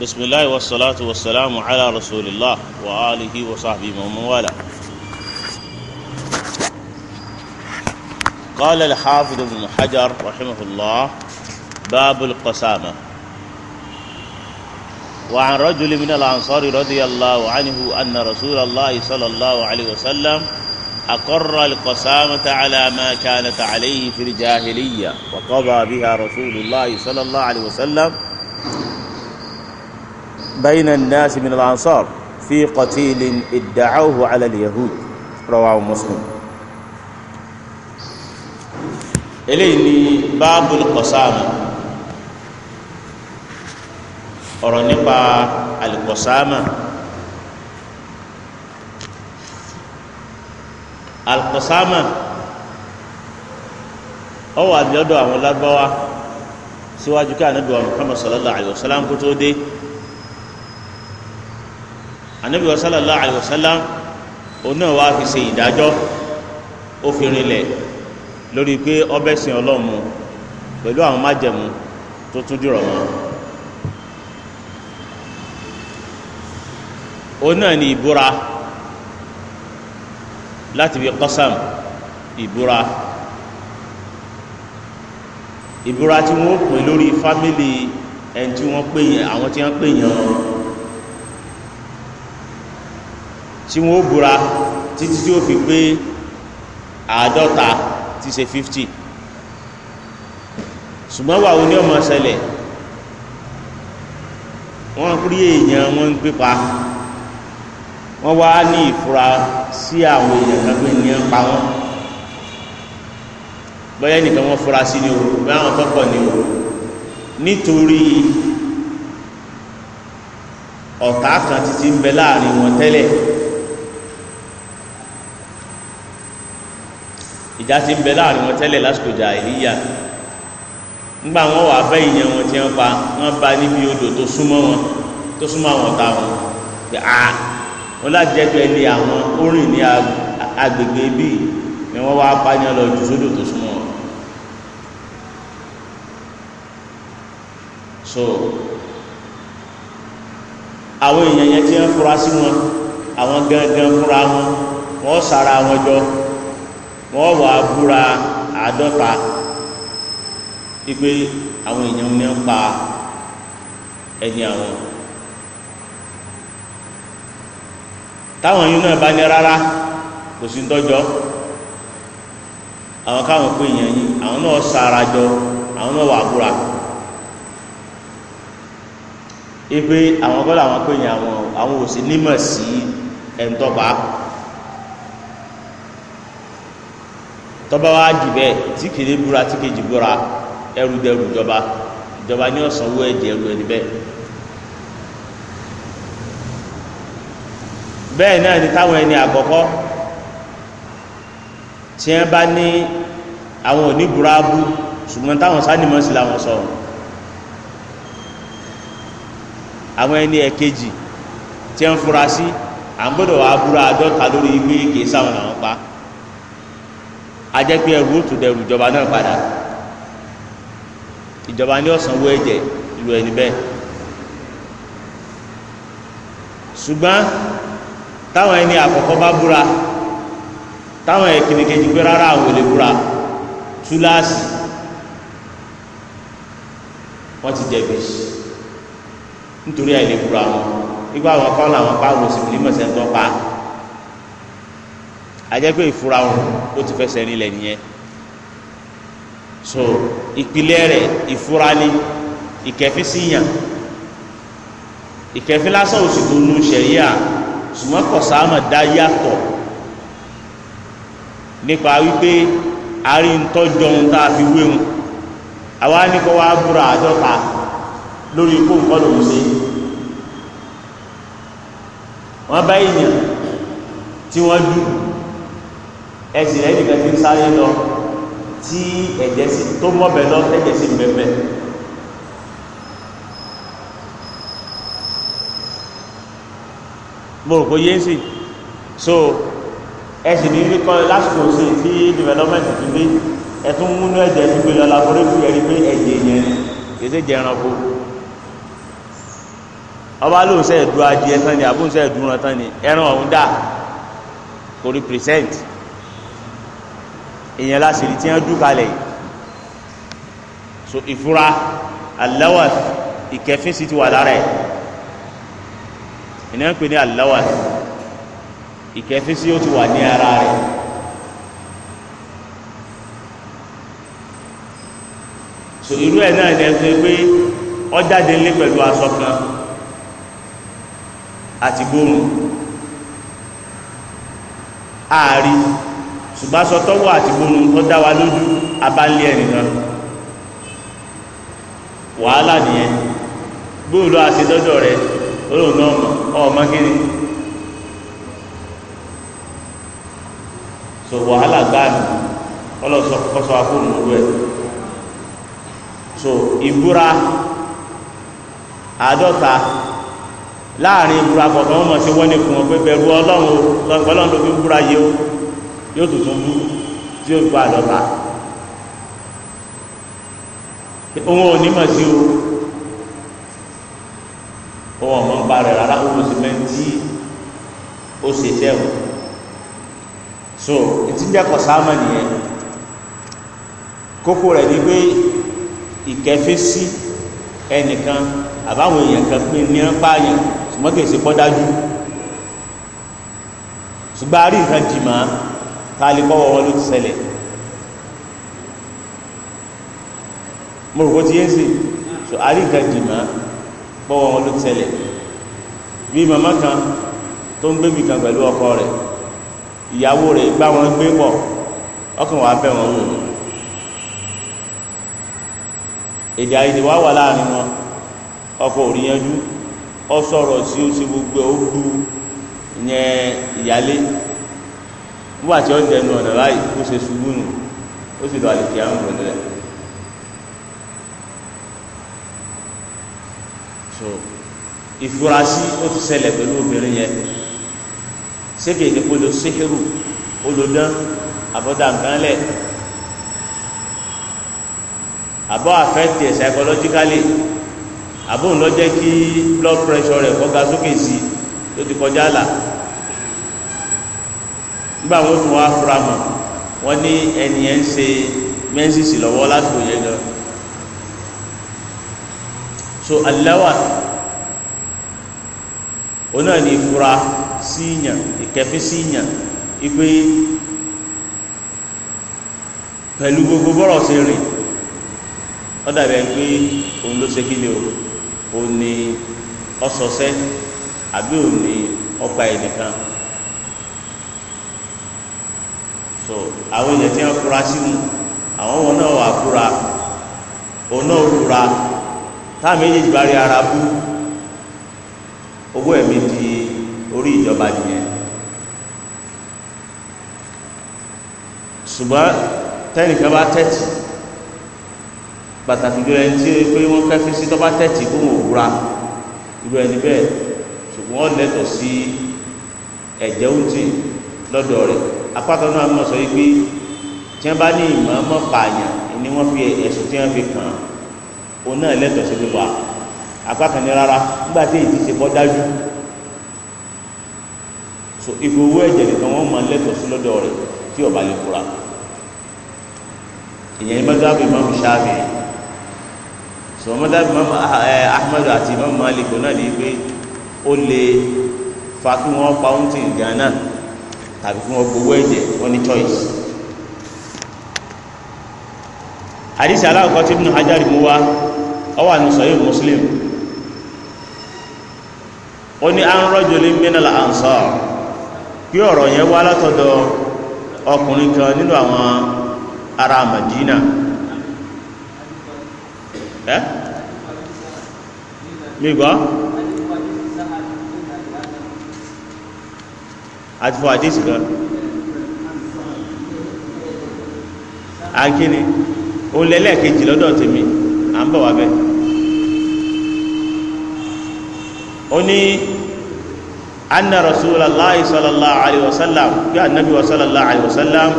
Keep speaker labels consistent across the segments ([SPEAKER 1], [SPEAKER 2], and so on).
[SPEAKER 1] بسم الله والصلاة والسلام على رسول الله وآله وصحبه ومن والاه قال الحافظ ابن حجر رحمه الله باب القسامة وعن رجل من الأنصار رضي الله عنه أن رسول الله صلى الله عليه وسلم أقر القسامة على ما كانت عليه في الجاهلية وقضى بها رسول الله صلى الله عليه وسلم bayna an-nas min al-ansar fi qatilin idda'awhu 'ala al-yahud rawahu muslim. eléyìí ni báàbùl qasama ọ̀rọ̀ nípa al-qasama al-qasama ó wà lọ́dọ̀ àwọn lágbáwá síwájú ká Ànábì wa Muhammad sallallahu alayhi wa sallam kó tó dé anabi wa sallallahu alayhi wa sallam òun náà wàá fi ṣe ìdájọ́ ó fi rinlẹ̀ lórí pé ọbẹ̀ sìn ọlọ́run mu pẹ̀lú àwọn májẹ̀mú tó tún dìrọ̀ mọ́ òun náà ni ìbúra láti fi kọ́sàm ìbúra ìbúra tí wọ́n pè lórí fámìlì ẹni tí wọ́n pè yẹn àwọn tí wọ́n pè yẹn ọ̀rọ̀. tí wọn ó búra títí tí ó fi pé àádọ́ta ti ṣe fifty ṣùgbọ́n wà wo ni ọmọ ṣẹlẹ̀ wọ́n rí èèyàn wọ́n ń gbé pa wọ́n wá ní ìfura sí àwọn èèyàn kan pé ní ń pa wọ́n bóyá nìkan wọ́n fura sí ni o bóyá àwọn tọ́pọ̀ ni o nítorí ọ̀tá kan títí ń bẹ láàrin wọn tẹ́lẹ̀ ìjà ti ń bẹ láàrin wọn tẹ́lẹ̀ lásìkò jàhílíyà ńgbà wọn wà bẹ́ ìyẹn wọn tí wọn pa wọn bá níbi odò tó súnmọ́ wọn tó súnmọ́ àwọn ọ̀tá wọn pé a wọn lájẹgbẹ́ ilé àwọn ó rìn ní agbègbè bíi ni wọn wá pààyàn lọ jù sódò tó súnmọ́ wọn. so àwọn èèyàn yẹn tí wọn fura sí wọn àwọn gangan fura wọn wọn sara wọn jọ
[SPEAKER 2] wọ́n wà á búra àádọ́ta
[SPEAKER 1] wípé àwọn èèyàn ní ń pa ẹni àwọn táwọn yìí náà bá ní rárá kò sí tọ́jọ́ àwọn káwọn pé èèyàn yìí àwọn náà sára jọ àwọn náà wà búra wípé àwọn kọ́ làwọn pé èèyàn àwọn ò sí nímọ̀ sí ẹ̀ńtọ́pàá. tọ́ba wa jì bẹ́ẹ̀ tí kìíní búra tí kejì búra ẹrù dẹrù ìjọba ìjọba ní ọ̀sán owó ẹ̀jẹ̀ ẹrù ẹni bẹ́ẹ̀. bẹ́ẹ̀ náà ni táwọn ẹni àkọ́kọ́ tí wọ́n bá ní àwọn oníbúra bú ṣùgbọ́n táwọn sánimọ́sí làwọn sọ̀rọ̀ àwọn ẹni ẹ̀kejì tí wọ́n fura sí à ń gbọ́dọ̀ wá búra àádọ́ta lórí gbé kèé sáwọn làwọn pa ajẹ́pẹ́ ẹrú ó tún dẹrù ìjọba náà padà ìjọba ní ọ̀sánwó ẹ̀jẹ̀ ìlú ẹni bẹ́ẹ̀ ṣùgbọ́n táwọn ẹni àkọ́kọ́ bá búra táwọn ẹ̀kíní kejì pé rárá àwọn ò lè búra túláàsì wọ́n ti jẹ̀bi nítorí àìlè búra wọn nígbà wọn kọ́ làwọn pa àwọn òsì mílíọ̀nù sẹ́ńtọ́ pa á ajẹ́ pé ìfura wọn ó ti fẹsẹ̀ nílẹ̀ nìyẹn so ìpìlẹ̀ rẹ̀ ìfura ni ìkẹfí sí yàn ìkẹfí lásán òsì tó nu sẹ̀ríà ṣùgbọ́n kọ̀sáàmà dá yàtọ̀ nípa wípé àárín ntọ́jọ ohun tá a fi wéhun àwa ní kọ́ wá búra àádọ́ta lórí ikú nǹkan lòún ṣe wọ́n bá èèyàn tí wọ́n dùn ẹsìn rẹ̀ nìkan ti ń sáré lọ tí ẹ̀jẹ̀ sì tó mọ́bẹ̀ lọ tẹ́jẹ̀ sì bẹ̀bẹ̀ mo rò pé yé sí so ẹsìn ní kọ́ lásìkò sí tí development ti dé ẹtún múnú ẹ̀jẹ̀ ti gbé lọ laboratory ẹ̀rí pé ẹ̀jẹ̀ yẹn èsè jẹ ẹranko ọba lóun sẹ́ẹ̀dú adìẹ tán ni àbóun sẹ́ẹ̀dú ran tán ni ẹran ọ̀hún dà kò rí pírẹsẹ̀ntì èèyàn láṣìírí tí wọ́n dúkalẹ̀ yìí so ìfura alawas ìkẹfín sì ti wà lára ẹ̀ ìnáwó pè ní alawas ìkẹfín sì ó ti wà ní ara rẹ̀. so irú ẹ̀ náà ni ẹ fi pé ọjáde ńlé pẹ̀lú aṣọ kan àti gbóòrùn ààrí ṣùgbọ́n aṣọ tọ́wọ́ àti gbónú tó dá wa lójú abálẹ̀ ẹnìkan wàhálà nìyẹn gbóòlò àṣedọ́dọ̀ rẹ olóòna ọmọ kíni so wàhálà gbáàmì ọlọ́sọ kọ́sọ́ akóònù rẹ so ìbúra àádọ́ta láàrin ìbúra kọ̀ọ̀kan wọ́n mọ̀ sí wọ́n ní fún wọn pé bẹ̀rù ọlọ́run lọ́gbọ́n ló fi ń búra yìí o yóò tuntun mú tí yóò gba àlọ́ba òun ò ní mọ̀ sí o òun ọ̀mọ̀ ń parẹ́ rárá òun sì mẹ́ tí ó ṣe tẹ́ o so ìtìjẹ́kọ̀ sáàmà nìyẹn kókó rẹ̀ ni pé ìkẹfẹ́ sí ẹnìkan àbáwọn èèyàn kan pé ní ń pààyàn ṣùgbọ́n kì í ṣe pọ́ dájú ṣùgbọ́n a rí nǹkan jì máa tààlì kọ́ wọn ló ti ṣẹlẹ̀ mo ti yé sí so àríkà jìmá kọ́ wọn ló ti ṣẹlẹ̀ bí màmá kan tó ń gbébì kan pẹ̀lú ọkọ rẹ̀ ìyàwó rẹ̀ gbá wọn gbé pọ̀ ọkàn wàá bẹ̀ wọn wò èdè àìdè wá wà láàrin wọn ọkọ ò rí yanjú ọ sọ̀rọ̀ sí ó ṣe gbogbo ó du ìyẹn ìyálé nígbà tí ó dẹnu ọ̀nà báyìí ó ṣe ṣubú nù
[SPEAKER 2] ó sì lọ àlèkè àrùn pẹ̀lẹ́
[SPEAKER 1] so ìfurasí ó ti ṣẹlẹ̀ pẹ̀lú obìnrin yẹn sékèké kó lo olódán àbọ̀dá àbọ̀ àfẹ́tì ẹ̀ psychologically àbọ̀ ńlọ jẹ́ kí blood pressure rẹ̀ kọ́ ga sókè sí tó ti kọjá là nígbà wo tó wá fura mọ̀ wọ́n ní ẹnìyẹn ń ṣe mẹ́ńsìsì lọ́wọ́ lásìkò yẹn lọ so aláwà òun náà ní ìfura síyàn ìkẹfí síyàn ìpè pẹ̀lú gbogbo bọ́rọ̀ ṣe rìn ó dàbí ẹni pé òun ló ṣe kíni o òun ni ọsọsẹ àbí òun ni ọgbà ẹnìkan àwọn èèyàn tí wọ́n fura sí mu àwọn wọn náà wà fura òun náà fura táà méjèèjì bá rí ara bú owó ẹ̀mí di orí ìjọba nìyẹn ṣùgbọ́n tẹ́nìkan bá tẹ́tì pàtàkì jọ ẹni tí pé wọ́n fẹ́ fi sí tọ́ bá tẹ́tì kó wọn òwúra irú ẹni bẹ́ẹ̀ ṣùgbọ́n wọ́n sí ẹ̀jẹ̀ oúnjẹ lọ́dọ̀ rẹ̀ apáta náà mọ̀ sọ wípé tí wọ́n bá ní ìmọ̀ ọmọ pààyàn ni wọ́n fi ẹ̀sùn tí wọ́n fi kàn án òun náà lẹ́tọ̀ọ́ sí wíwá apáta ní rárá nígbà tí èyí ti ṣe bọ́ dájú so ìfowó ẹ̀jẹ̀ nìkan wọ́n máa lẹ́tọ̀ọ́ sí lọ́dọ̀ rẹ̀ tí ọba lè kura ìyẹn ní mọ́tàbí imam ṣáàbì so mọ́tàbí imam eh, eh, ahmed àti imam malik náà ní pé ó lè fa kí wọ́n pa oúnjẹ ìgbà náà tàbí kí wọ́n gbowó ẹ̀jẹ̀ wọ́n ní choice. àdìsí aláwọ̀kọ́ tí Ibn Hajar mú wá ọwọ́ àná sọ̀yìn Muslim ó ní à ń rọ́jò ní minal ansar kí ọ̀rọ̀ yẹn wá látọ̀dọ̀ ọkùnrin kan nínú àwọn ará Madina ẹ́ mi gbọ́. àti fún àdéhìsì kan akíní òun lẹ́lẹ́kejì lọ́dọ̀ tèmi à ń bọ̀ wá bẹ́ẹ̀ ó ní anna rasulallah sallallahu alayhi wa sallam bí anabi wa sallallahu alayhi wa sallam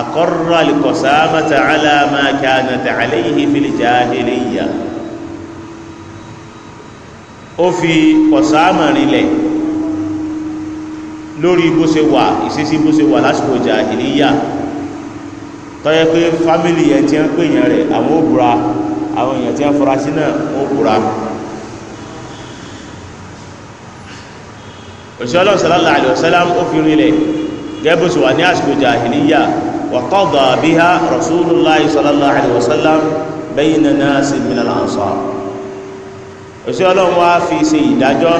[SPEAKER 1] akọrọ alikọsámata alama kanata alayhi fil jahiliya ó fi kọsámà rinlẹ̀ lórí bó ṣe wà ìṣesí bó ṣe wà lásìkò jàhílíyà tó yẹ pé fámìlì yẹn ti ń pèèyàn rẹ̀ àwọn ò búra àwọn èèyàn ti ń fura sí náà ó búra. òṣìṣẹ́ ọlọ́run sallallahu alaihi wasallam ó fi rinlẹ̀ gẹ́gẹ́ bó ṣe wà ní àsìkò jàhílíyà wa qada biha rasulullah sallallahu alaihi wasallam bayna naasi minal ansar òṣìṣẹ́ ọlọ́run wá fi ṣe ìdájọ́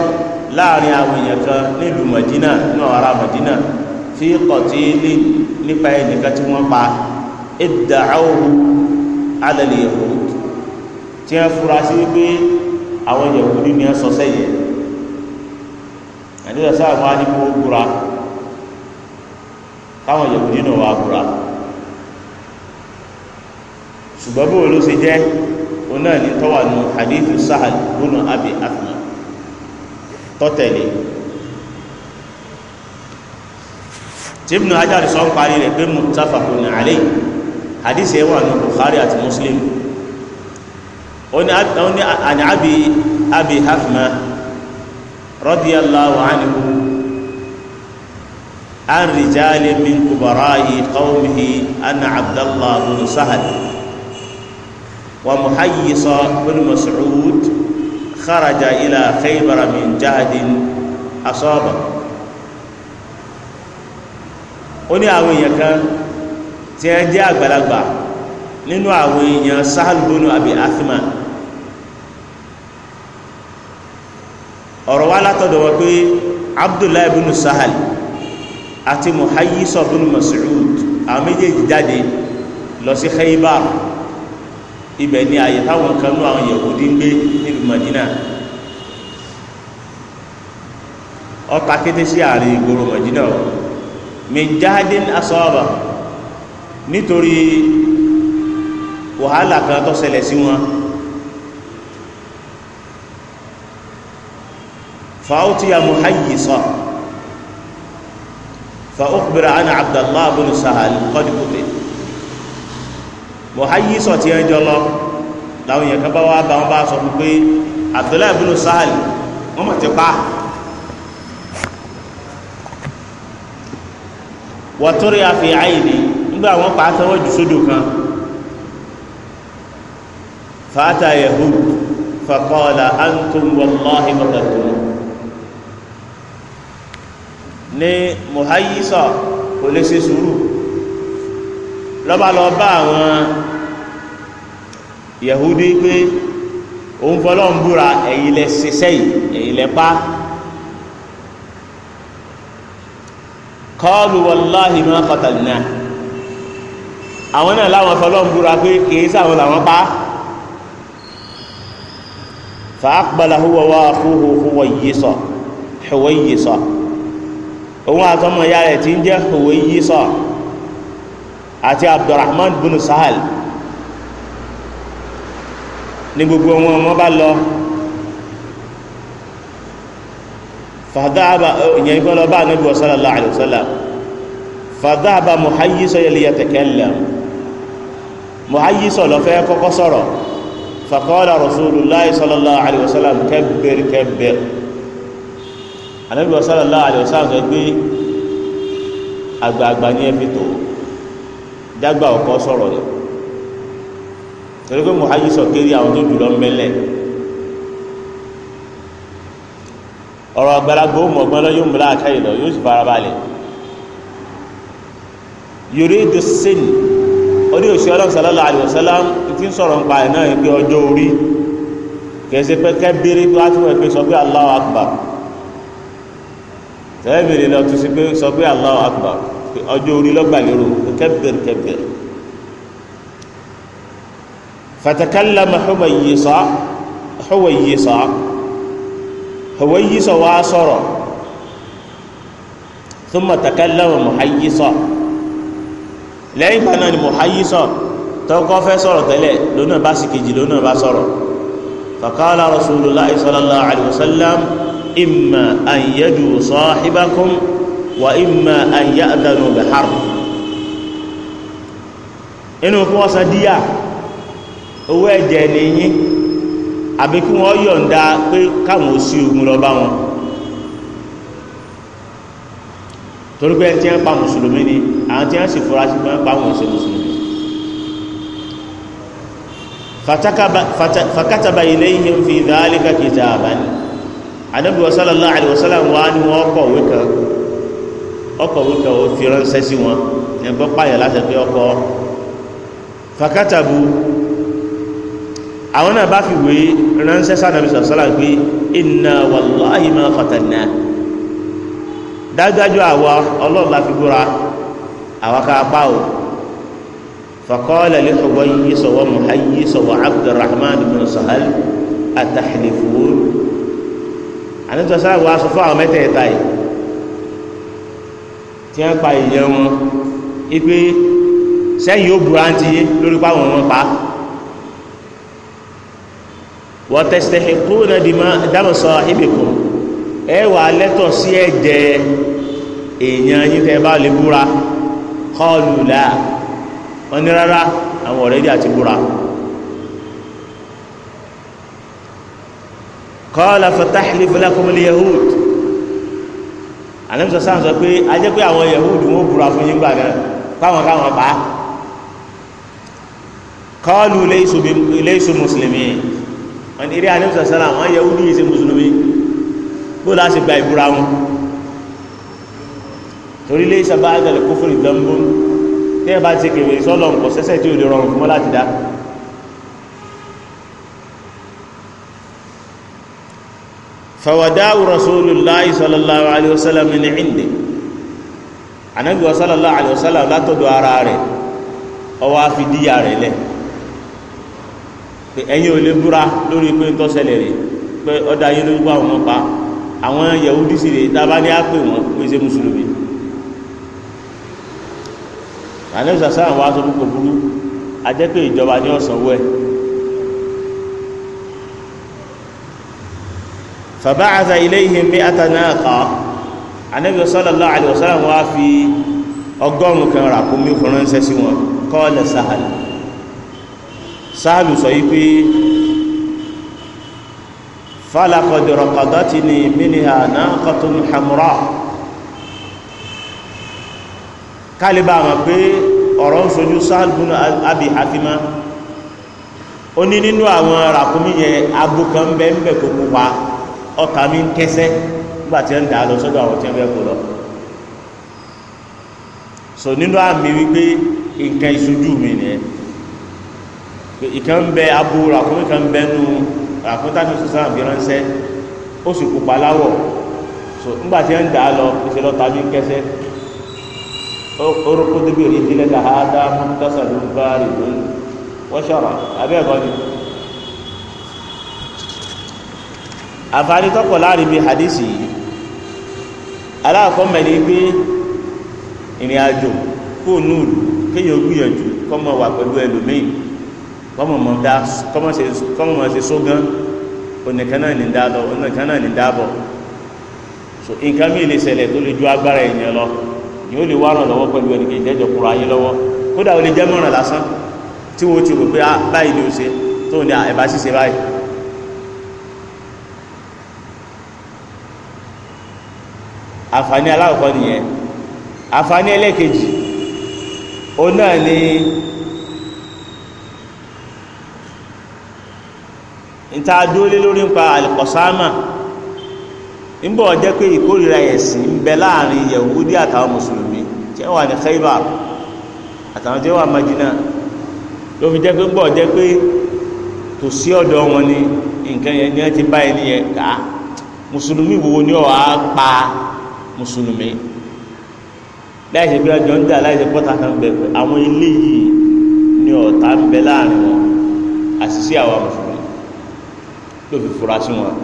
[SPEAKER 1] láàrin àwọn èèyàn kan nílùú Madina ní àwọn ará Madina fi kọ̀tí lé nípa ẹnìkan tí wọ́n pa ìdáhùn alẹ́lẹ̀ Yahudi tí wọ́n fura sí wípé àwọn Yahudi ni wọ́n sọ sẹ́yìn àdúrà sáà wọn á ní kó búra káwọn Yahudi náà wà búra ṣùgbọ́n ló ṣe jẹ́ òun náà ní tọ́wà nù hadithu Sahal bunu abi afi tọ́tẹ̀lé tìbùnú ajáde sọ ń parí rẹ̀ pé muttafaqun alayhi hadisi wà ní Bukhari àti Muslim oni ani abi abi hafma radiyallahu anhu an rijali min kubarahi qawmihi anna abdallah bin sahal wa muhayyisa bin mas'ud kharaja ila khaybara min jahadin asaba ó ní àwọn èèyàn kan tí ẹ jẹ́ àgbàlagbà nínú àwọn èèyàn sahal bonu abi athman ọ̀rọ̀ wá látọ̀dọ̀ wọn pé abdullahi bin sahal àti muhayyisa bin mas'ud àwọn méjèèjì jáde lọ khaybar ibẹ̀ ni ààyè táwọn kan nú àwọn Yahudi ń gbé níbi Madina ọta kété sí àárín ìgboro Madina o mejadin asọ́ọ̀bà nítorí wàhálà kan tó ṣẹlẹ̀ sí wọn فأوتي محيصا فأخبر عن عبد الله بن سهل قد قتل mọ̀háyísọ̀ tí ẹ jọ lọ láwọn èèyàn kan bá wá bá wọn bá sọ fún pé Abdullahi bin Sahal wọ́n mọ̀ ti pa wọ́túrí àfi àyìnbí nígbà wọn pa àtẹwọ́ jù sódò kan fàátà yahud faqala antum wallahi mọ̀tàkùn ní mọ̀háyísọ̀ kò lè ṣe sùúrù lọ́ba lọ bá àwọn yahudi pé òun fọlọ́ ń búra ẹ̀yin lẹ ṣiṣẹ́ yìí ẹ̀yin lẹ pa kọ́ọ̀lù wàláhì máa kọ́tàlínà àwọn náà láwọn fọlọ́ ń búra pé kìí sáwọn làwọn pa fàákbàlà huwa wá fúhu huwa yìí sọ huwa yìí òun àtọmọ ya rẹ̀ ti ń jẹ́ huwa yìí àti abdulrahman bin sahal ní gbogbo wọn wọn bá lọ fàdáàbà ìyẹn kọ́ lọ bá anábìwọ̀ sallallahu alayhi wa sallam fàdáàbà muhayyisa yẹlẹ yatakallam muhayyisa lọ fẹ́ kọ́kọ́ sọ̀rọ̀ faqala rasulullah sallallahu alayhi wa sallam kabbir kabbir anábìwọ̀ sallallahu dágbà ọkọ sọ̀rọ̀ yìí torí pé muhaji sọ kiri àwọn tó jùlọ mẹlẹ ọ̀rọ̀ àgbàlagbà ó mọ ọgbọ́n lọ yóò múlá àkàyè lọ yóò sì fara balẹ̀ yorì de sin orí òsì ọlọ́run sàlọ́lá àdìọ́sálám ti ń sọ̀rọ̀ nípa ẹ̀ náà pé ọjọ́ orí kẹsẹ pé kẹbìrì pé wàá tún wọ pé sọ pé Allahu akbar tẹ́lẹ̀ bèrè lọ tún sí pé sọ pé Allahu akbar ọjọ́ orí lọ́gbà lérò kẹbẹ̀rẹ̀ kẹbẹ̀rẹ̀ fatakallama Huwayyisa Huwayyisa Huwayyisa wá sọ̀rọ̀ thumma takallama Muhayyisa lẹ́yìn ìgbà náà ni Muhayyisa tọ́kọ́ fẹ́ sọ̀rọ̀ tẹ́lẹ̀ lónà bá sì kejì lónà bá sọ̀rọ̀ faqala Rasulullahi sallallahu alaihi wasallam imma an yadu sahibakum wà ìmà àyà àdánù bẹ̀hárù inú kí wọ́n san díyà owó ẹ̀jẹ̀ nìyí àbí kí wọ́n yọ̀ǹda pé káwọn ò sí ogun lọ bá wọn torí pé tí wọ́n pa mùsùlùmí ni àwọn tí wọ́n sì fura sí pé wọ́n pa wọn ṣe mùsùlùmí fakataba ilayhim fi dhalika kitaban anabi wa sallallahu alaihi wa sallam wa ni wọ́n kọ̀wé kan ọkọ̀ wípé ó fi ránṣẹ́ sí wọn ẹ̀bọ́ pààyàn láti pé ọkọ̀ fakatabu àwọn náà bá fi wé ránṣẹ́ sànàbí sọ̀sọ́là pé inna wallahi ma fatanna dájúdájú àwa ọlọ́run la fi búra àwa ká pa o fakọ́lẹ̀ lè fọwọ́ sọ̀wọ́ muhayi sọ̀wọ́ abdulrahman bin sahal atahlifun àníjọ́sọ́là wa sọ fún àwọn mẹ́tẹ̀ẹ̀ta yìí tí wọ́n pa èèyàn wọn ipe sẹ́yìn ó búra ti lórí páwọn wọn pa wọ́n tẹ̀sítẹ̀ kó náà di dámọ̀sọ ibìkan ẹ wà lẹ́tọ̀ sí ẹ̀jẹ̀ èèyàn yín tẹ́ bá lè búra kọlù là wọ́n ní rárá àwọn ọ̀rẹ́ dì àti búra. قال فتحلف لكم اليهود àlẹ́mùsọ̀ sáà sọ pé a jẹ́ pé àwọn yahudu wọn búra fún yín gbà náà káwọn káwọn pa á kọ́ọ̀lù léṣù mùsùlùmí wọn eré àlẹ́mùsọ̀ sáà wọn yahudu yìí ṣe mùsùlùmí bó la ṣe gba ìbúra wọn torí léṣà bá àgàlẹ̀ kófòrì dánbó ní ẹ̀ bá ti kèwé sọ́lọ̀ nǹkan sẹ́sẹ̀ tí ò lè rọrùn fún wọn láti dá fàwàdáwù rasulullahi sallallahu alaihi wasallam ní ìndè anábì wa sallallahu alaihi wasallam látọ̀dọ̀ ara rẹ̀ ọwọ́ afidíyà rẹ̀ lẹ̀ pé ẹ̀yin ò lè búra lórí pé tó ṣẹlẹ̀ rẹ̀ pé ọ̀dà yín lójú pa àwọn pa àwọn yahudi sì rè dábàá ní àpè wọn pé ṣe mùsùlùmí anábì sàṣà àwọn aṣọ burúkú ajẹ́ pé ìjọba ni ọ̀sán wẹ̀ fàbáàzà iléyìn mi àtànáàkà anábì sallallahu alaihi wasallam wá fi ọgọ́rùn kan ràkúnmí fọ́nránṣẹ́ sí wọn kọ́ọ̀lẹ̀ sáàlù sáàlù sọ yí pé fálakọ̀dọ̀rọ̀ kọ̀dọ̀tì ni mínìhà náà kọ́tún hamra kálíbà mọ̀ pé ọ̀rọ̀ ń sojú sáàlù abi hatima ó ní nínú àwọn ràkúnmí yẹn abúkan bẹ́ẹ̀ ń ọkà mi ń kẹsẹ́ nígbà tí wọ́n ń dà á lọ sọ́dọ̀ àwọn tí wọ́n fẹ́ kó lọ. sọ nínú àmì wípé nǹkan ìṣojú mi nìyẹn ìkan ń bẹ abo ràkúnmí kan ń ràkúnmí tá a ti pupa so nígbà tí ń dà ni. àǹfààní tọ́pọ̀ láàrin bí hadisi yìí aláàkọ́ mẹ́rin pé ìrìn àjò kó núùlù kéèyàn gbìyànjú kọ́mọ wà pẹ̀lú ẹlòmíì kọ́mọ mọ̀ dá kọ́mọ mọ̀ ṣe sógán onìkan náà ní dábọ̀ onìkan náà ní dábọ̀ so nǹkan mi lè ṣẹlẹ̀ tó lè ju agbára èèyàn lọ yóò lè wá ràn lọ́wọ́ pẹ̀lú ẹnìkejì jẹ́jọ kúrò ayé lọ́wọ́ kódà ó lè jẹ́ mọ̀ràn lásán tí wọ́n ti rò pé ah, báyìí ni ó ṣe tó ní ah, ẹ̀bá ṣíṣe báyìí àǹfààní alákọ̀ọ́kọ́ nìyẹn àǹfààní ẹlẹ́ẹ̀kejì òun náà ni níta dúró lórí nípa àlùkọ̀sáàmà nígbà ọjọ́ pé ìkórìíra ẹ̀sìn ń bẹ láàrin yahudi àtàwọn mùsùlùmí tí wọ́n wà ní khaybar àtàwọn tí wọ́n wà madina ló fi jẹ́ pé gbọ́ jẹ́ pé tò sí ọ̀dọ̀ wọn ni nǹkan yẹn ni wọ́n ti bá ẹni yẹn ká mùsùlùmí wo ni ọ̀ á pa mùsùlùmí láìsí pé ọjọ́ ń dà láìsí pọ́tà kan bẹ̀ pé àwọn ilé yìí ni ọ̀tá ń bẹ láàrin wọn àṣìṣe àwa mùsùlùmí ló fi fura sí wọn.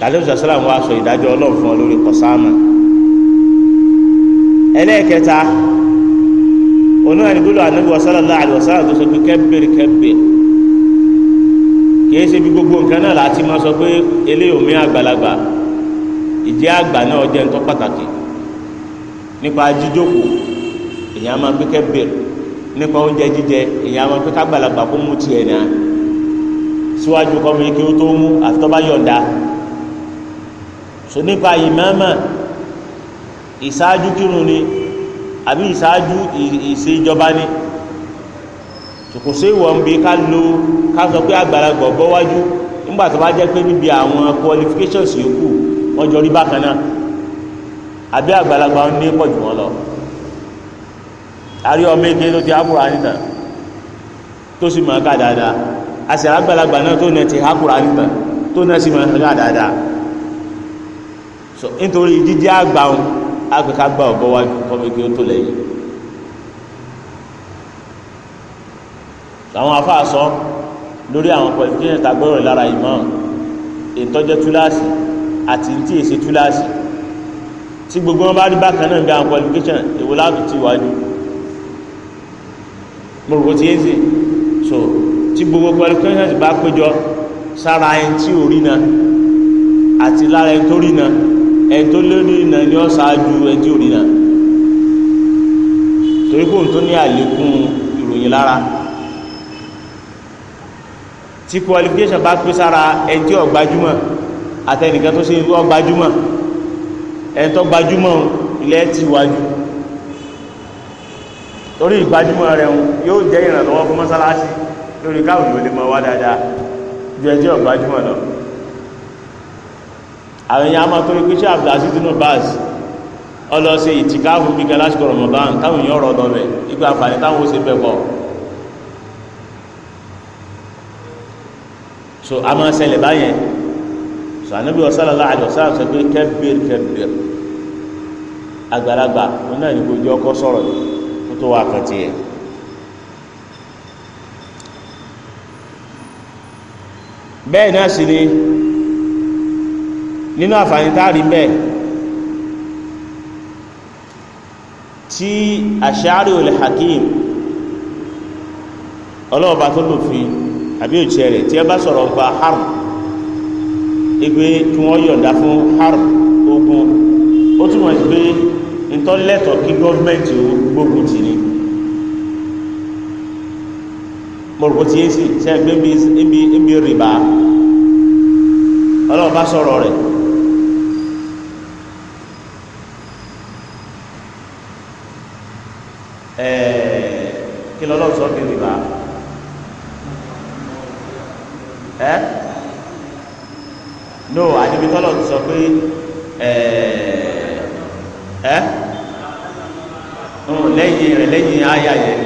[SPEAKER 1] làlẹ́ òṣìṣẹ́ sọ́lá wa sọ ìdájọ́ ọlọ́run fún ọ lórí kọ̀sáàmù ẹlẹ́ẹ̀kẹta onú ẹni gbọ́dọ̀ ànábì sallallahu alaihi wasallam tó sọ pé kẹ́bìrì kẹ́bìrì kìí ṣe bí gbogbo nǹkan náà láti máa sọ pé eléyìí omi àgbàlagbà ìjẹ́ àgbà náà jẹ́ ntọ́ pàtàkì nípa jíjókòó èyàn máa gbé kẹ́bìrì nípa oúnjẹ jíjẹ èyàn máa gbé kágbàlagbà kó mú tiẹ̀ náà síwájú kọ́mi kí ó tó mú àti tọ́ba yọ̀ǹda so nípa ìmáàmà ìṣáájú kírun ni àbí ìṣáájú ìṣèjọba ni kò sí ìwọ̀n bí ká lo ká sọ pé àgbàlagbà bọ́ wájú nígbà tó bá jẹ́ pé níbi àwọn qualifications yòókù wọ́n jọ rí bákan náà àbí àgbàlagbà ń ní pọ̀ jù wọ́n lọ àrí ọmọ eke tó ti hákùrà nìtàn tó sì máa ká dáadáa àṣẹ àgbàlagbà náà tó nà ti hákùrà nìtàn tó náà sì máa ká dáadáa nítorí jíjẹ́ àgbà wọn àgbẹ̀ká gba ọ̀bọ̀ wájú ọmọ eke tó lẹ́yìn. àwọn afáàsọ lórí àwọn qualification tagbọ́rọ̀ lára imam ìtọ́jẹ́ túláàsì àti tí èsì túláàsì tí gbogbo wọn bá rí bákan náà bí àwọn qualification èwo láti ti wájú mo rò tí èsì so tí gbogbo qualification bá péjọ sára ẹni tí ò rí náà àti lára ẹni tó rí náà ẹni tó lórí náà ni ó ṣáájú ẹni tí ò rí náà torí kóhùn tó ní àlékún ìròyìn lára tí qualification bá pín sára ẹni tí ó gbajúmọ̀ àtẹnìkan tó ṣe irú ó gbajúmọ̀ ẹni tó gbajúmọ̀ ilẹ̀ ti wájú torí ìgbajúmọ̀ rẹ̀ yóò jẹ́ ìrànlọ́wọ́ fún mọ́sálásí lórí káwọn ìwé lè mọ wá dáadáa ju ẹni tí ó gbajúmọ̀ lọ àwọn èèyàn a máa torí pé ṣé Ramadan táwọn èèyàn rọ̀ lọ́bẹ̀ ìgbà àǹfààní táwọn ó ṣe so a máa ṣẹlẹ̀ báyẹn so anabi wa sallallahu alayhi wa sallam sọ pé kẹbìr kẹbìr àgbàlagbà wọn náà ní kó jẹ ọkọ sọ̀rọ̀ yìí kó tó wà kàn tiẹ̀. bẹ́ẹ̀ náà sì ni nínú àǹfààní tá a rí bẹ́ẹ̀ tí Ash'ari ul Hakim ọlọ́ọ̀bá tó lò fi àbí òjìṣẹ́ rẹ̀ tí ẹ bá sọ̀rọ̀ nípa harb ipe kí wọ́n yọ̀ǹda fún harb ogun ó túmọ̀ sí pé ntọ́lẹ́tọ̀ kí gọ́ọ̀mẹ̀ntì ó gbógun tì ní mọ̀rùkú tí yéé sì sẹ́gbẹ́ ibi ibi rìbá ọlọ́run bá sọ̀rọ̀ rẹ̀ ẹ̀ẹ́ kí lọ́lọ́run sọ bí rìbá. Eh? no àdìbí tọ́lọ̀ ti sọ pé ẹ eh, ẹ eh? lẹ́yìn rẹ̀ lẹ́yìn àyà yẹn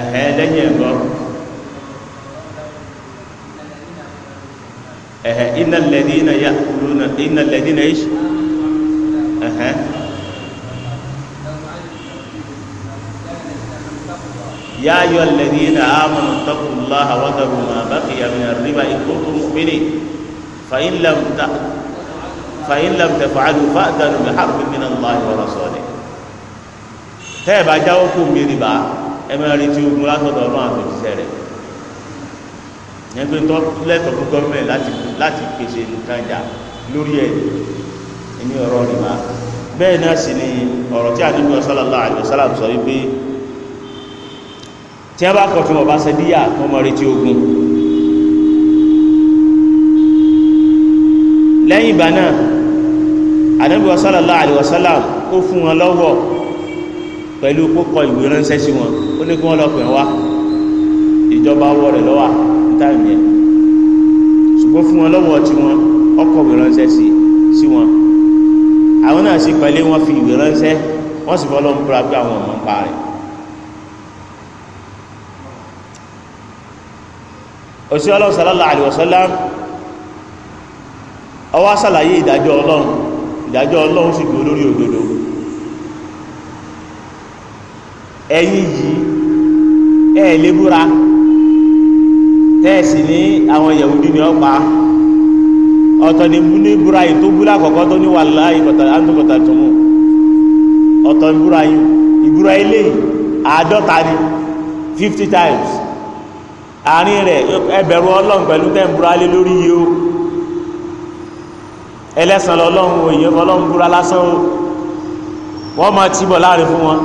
[SPEAKER 1] ẹ̀hẹ́ lẹ́yìn ẹ̀gbọ́ ẹ̀hẹ́ iná lẹ́dínà yá kúrú náà iná يا أيها الذين آمنوا اتقوا الله وذروا ما بقي من الربا إن كنتم مؤمنين فإن لم ت... فإن لم تفعلوا فأذنوا بحرب من الله ورسوله تابع جاوكم بربا أما رتيوكم لا تضرون في السرق nígbà tó lẹ́tọ̀ọ́ fún gọ́ọ̀mẹ̀ntì láti láti pèsè nǹkan jà lórí ẹ̀ ní ọ̀rọ̀ rẹ̀ máa bẹ́ẹ̀ náà sì ni ọ̀rọ̀ tí àdúgbò sallallahu alaihi wasallam sọ wípé tí wọ́n bá kọ̀ tí wọ́n bá sẹ́díyà wọ́n mọ̀ retí ogun lẹ́yìn ìgbà náà ànábì sallallahu alaihi wasallam ó fún wọn lọ́wọ́ pẹ̀lú kókọ ìwé ránṣẹ́ sí wọn ó ní kí wọ́n lọ pè wá ìjọba wọ rẹ̀ lọ́wọ́ nítaìmí ẹ̀ ṣùgbọ́n fún wọn lọ́wọ́ tí wọn ọkọ̀ ìwé ránṣẹ́ sí sí wọn àwọn náà sì pẹ̀lú wọn fi ìwé ránṣẹ́ wọ́n sì fọ́ lọ́n búra pé àwọn ọmọ ń pa òsì ọlọ́run sallallahu alaihi wasallam ọwọ́ àṣàlàyé ìdájọ́ ọlọ́run ìdájọ́ ọlọ́run sì dúró lórí òdodo ẹ̀yin yìí ẹ̀ lébúra tẹ́ẹ̀sì ní àwọn Yahudi ní ọ̀pá ọ̀tọ̀ ní bú ní búra yìí tó búra àkọ́kọ́ tó ní wallahi àǹtọ̀kọ̀tà tó mú ọ̀tọ̀ búra yìí ìbúra eléyìí àádọ́ta ni fifty times àárín rẹ̀ ẹbẹ̀rù ọlọ́run pẹ̀lú tẹ́ǹbúra lé lórí yìí o ẹlẹ́sàn lọ́lọ́run òye ọlọ́run búra lásán o wọ́n máa tìbọ̀ láàrin fún wọn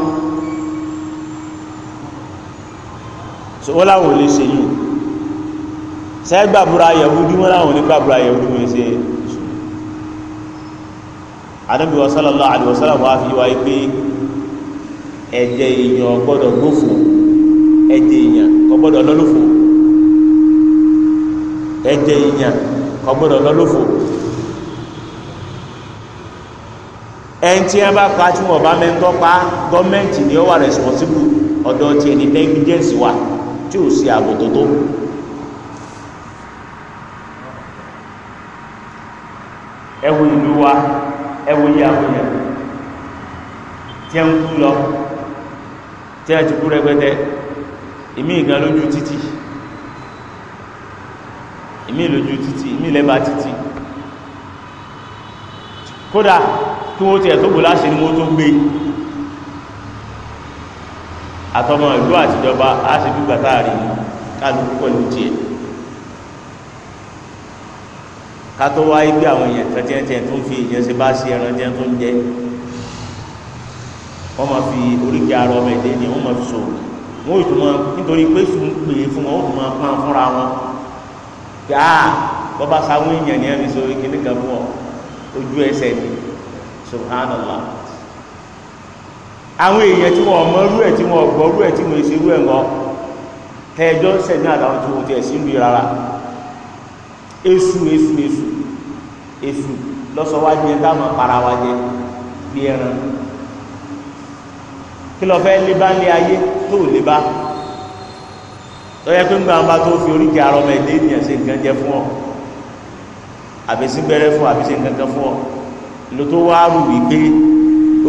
[SPEAKER 1] ó láwọn ò lè ṣe yìí sẹ́ gbàbúra yẹ̀wúdí wọn láwọn ò ní gbàbúra yẹ̀wúdí wọn ṣe ànábì sallallahu alaihi wasallam wá fi wáyé pé ẹ̀jẹ̀ èèyàn gbọ́dọ̀ gbófò ẹ̀jẹ̀ èèyàn gbọ́dọ̀ lọ́lọ́fò ẹ̀jẹ̀ èèyàn kò gbọ́dọ̀ lọ lófo ẹn tí wọn bá pa tí wọn bá mẹ́ńtọ́ pa gọ́ọ̀mẹ̀ntì ni ó wà responsible ọ̀dọ̀ tiẹ̀ ní negligence wa tí ò sí ààbò tó tó. ẹ wo ìlú wa ẹ wo iye tí ẹ ń kú lọ tí ẹ ti kú rẹpẹtẹ ìmí ìgbà lójú ìmí lójú títì ìmí lẹ́bà títì kódà kí wọ́n tiẹ̀ tó bò láṣẹ ni wọ́n tó gbé àtọmọ ìlú àtijọba á sì dúgbà táàrí kálukú pẹ̀lú tiẹ̀ kátó wáyé bí àwọn èèyàn kan tiẹ̀ tiẹ̀ tó ń fi ìyẹn ṣe bá ṣe ẹran tiẹ̀ tó ń jẹ wọ́n máa fi oríkì ara ọmọ ẹ̀dẹ́ ni wọ́n máa fi sọ̀rọ̀ wọ́n ò tún máa nítorí pé sùn ń pè fún wọn ó tún máa fúnra wọn gbàá ah, bọ́bá sáwọn èèyàn ní ẹ̀mí sọ kíní kan fún ọ ojú ẹsẹ̀ ni subhanallah àwọn èèyàn tí wọn mọ rú ẹ tí wọn gbọ́ rú ẹ tí wọn ṣe rú ẹ wọn tẹjọ ń sẹmí àtàwọn tí wọn ti ẹsìn rí rárá èṣù èṣù èṣù èṣù lọsọwájú yẹn táwọn para wa jẹ bí ẹran kí lọ fẹ́ lébá lé ayé tó lébá tọ́yẹ pé ńgbà bá tó fi oríkè ara ọmọ ẹ̀dẹ́ ènìyàn ṣe nǹkan jẹ fún ọ àbẹ̀sí gbẹrẹ fún àbẹ̀sí nǹkan kan fún ọ ló tó wá rù wípé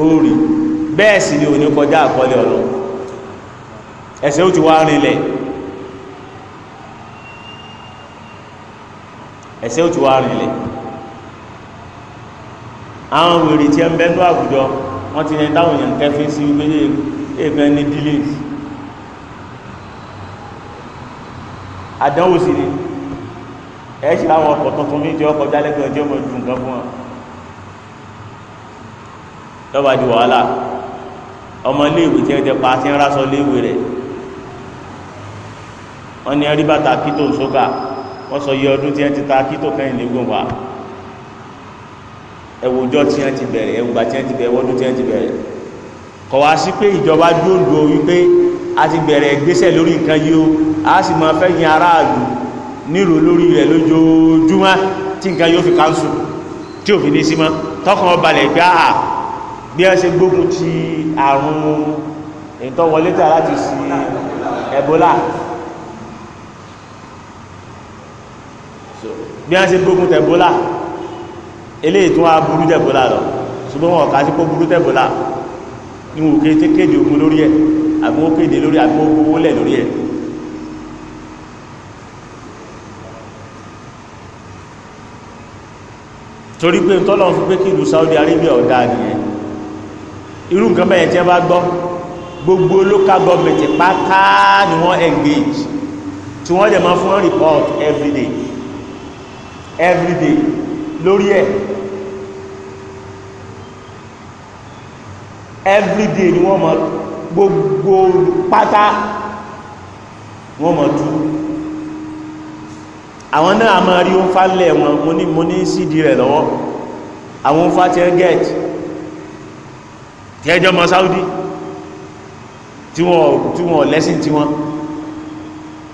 [SPEAKER 1] ó rí bẹ́ẹ̀ sì ni òní kọjá àkọọ́lẹ̀ ọ̀nà ẹsẹ̀ ó ti wá rinlẹ̀ ẹsẹ̀ ó ti wá rinlẹ̀ àwọn wèrè tí ẹ ń bẹ́ńdọ́ àwùjọ wọ́n ti ní táwọn èèyàn kẹfí sí méjèèjì èèfẹ́ ní dílé yìí àdánwò sí ni ẹ ṣe láwọn ọkọ̀ tuntun mi tí ọkọ̀ jálẹ̀gbẹ̀ ọjọ́ mọ̀ ju nǹkan fún ọ lọ́ba di wàhálà ọmọ iléèwé tí ẹ ti pa ti ń rásọ iléèwé rẹ̀ wọ́n ní ẹrí bàtà kító sókà wọ́n sọ iye ọdún tí ẹ ti ta kító kẹ́yìn léegun wa ẹwùjọ tí ẹ ti bẹ̀rẹ̀ ẹwùgbà tí ẹ ti bẹ̀rẹ̀ ẹwọ́dún tí ẹ ti bẹ̀rẹ̀ kọ̀ wá sí pé ìjọba dúró dúró wípé a ti bẹ̀rẹ̀ ìgbésẹ̀ lórí nǹkan yìí o a sì máa fẹ́ yin aráàlú nírò lórí rẹ̀ lójoojúmọ́ tí nǹkan yóò fi káńsù tí ò fi ní sí mọ́ tọkàn balẹ̀ pé àà bí wọ́n ṣe gbógun ti àrùn ìtọ́wọlé tà láti sí Ebola bí wọ́n ṣe gbógun tẹ̀bólà eléyìí tún wá burú tẹ̀bólà lọ ṣùgbọ́n wọn kà sí pé burú tẹ̀bólà ni wọn ò kéde ogun lórí ẹ̀ àbí wọn kéde lórí àbí wọn lẹ̀ lórí ẹ̀ torí pé tọ́lọ̀ fi pé kí ìlú Saudi Arabia ọ̀dá nìyẹn irú nǹkan bẹ́ẹ̀ tí ẹ bá gbọ́ gbogbo local government pátá ni wọ́n engage tí wọ́n dẹ̀ máa fún report every day every day lórí ẹ̀ every day ni wọ́n máa gbogbo pátá wọ́n máa tú àwọn náà a máa rí ó ń fa lẹ̀ wọn mo ní mo ní sídìí rẹ̀ lọ́wọ́ àwọn ń fa ti ẹ gẹ̀t tí ẹjọ́ mọ Saudi tí wọn tí wọn lẹ́sìn tí wọn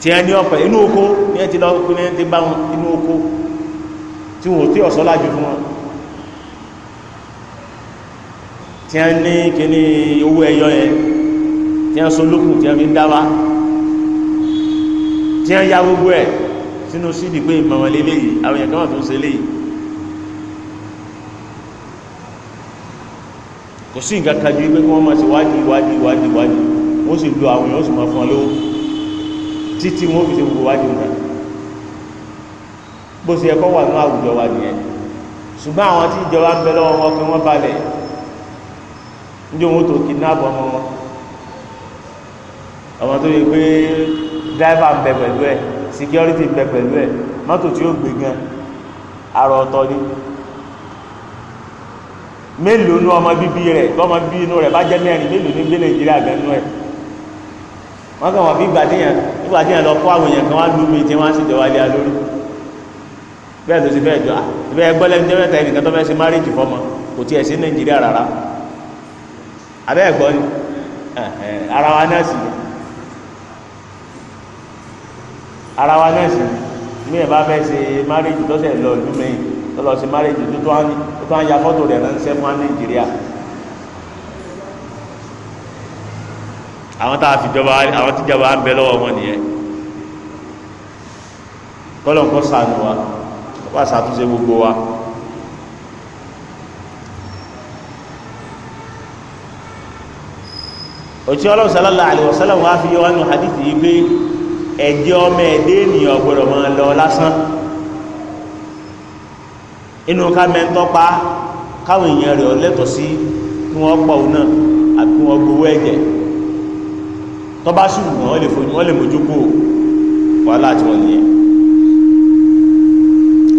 [SPEAKER 1] tí ẹ ní inú oko ní ẹ ti lọ ní ẹ ti bá wọn inú oko tí wọn ò tí ọ̀sọ́ lájú fún wọn tí a ní kíní owó ẹyọ yẹn tí a sọ lókùn tí a fi ń dábàá tí a ya gbogbo ẹ̀ sínú sídìí pé ìmọ̀mọ̀ lélẹ́yìí àwọn èèyàn kan wà tó ń ṣe léyìí kò sí nǹkan kan ju pé kí wọ́n máa ṣe wádìí wádìí wádìí wádìí wọ́n sì lo àwọn èèyàn sì máa fún ọ lówó títí wọ́n fi ṣe gbogbo wádìí nǹkan bó ṣe yẹ kó wà ní àwùjọ wa nìyẹn ṣùgbọ́n àwọn tí ìjọba ń bẹ lọ́wọ́ wọn kí wọ́n balẹ̀ níjọ́ wọn tó kidnap ọmọ wọn ọmọ tó yẹ pé dáìbà ń bẹ pẹ̀lú ẹ̀ security bẹ pẹ̀lú ẹ̀ mọ́tò tí ó gbé gan ara ọ̀tọ̀ ni mélòó ní ọmọ bíbí rẹ̀ tọ́mọ bíbí inú rẹ̀ bá jẹ́ mẹ́rin mélòó ní gbé nàìjíríà gánú ẹ̀ wọ́n kàn wọ́n bí gbàdéyàn gbàdéyàn lọ kó àwọn èèyàn kan wá lómi tí wọ́n á sì jọba lé lórí bẹ́ẹ̀ tó ti fẹ́ jọ ìbẹ́ gbọ́lẹ́ni jẹ́ mẹ́ta ẹnìkan tó fẹ́ ṣe márìjì fọ́mọ kò tiẹ̀ sí nàìjíríà rárá abẹ́ ẹ̀gbọ́n ara wa náà sì ni ara wa náà sì mí ẹ̀ bá fẹ́ ṣe márèjì lọ́sẹ̀ lọ ìlú mẹ́yìn tó lọ sí márèjì tó tó ń ya fọ́tò rẹ̀ ránṣẹ́ fún nàìjíríà àwọn tá a fi jọba àwọn tí jọba ń bẹ lọ́wọ́ wọn nìyẹn kọ́lọ̀ ń kọ́ sànù wa wá ṣàtúnṣe gbogbo wa. òtí ọlọ́run sallallahu alaihi wasallam wá fi yọ wá nù hadith yìí pé ẹ̀jẹ̀ ọmọ ẹ̀dẹ́ ènìyàn gbọ́dọ̀ máa lọ lásán inú ká mẹ́ńtọ́ pa káwọn èèyàn rẹ̀ lẹ́tọ̀ọ́ sí kí wọ́n pọ̀ òun náà àbí kí wọ́n gbowó ẹ̀jẹ̀ tó bá sì wù wọ́n lè fojú wọ́n lè mójú kó wàhálà tí wọ́n nìyẹn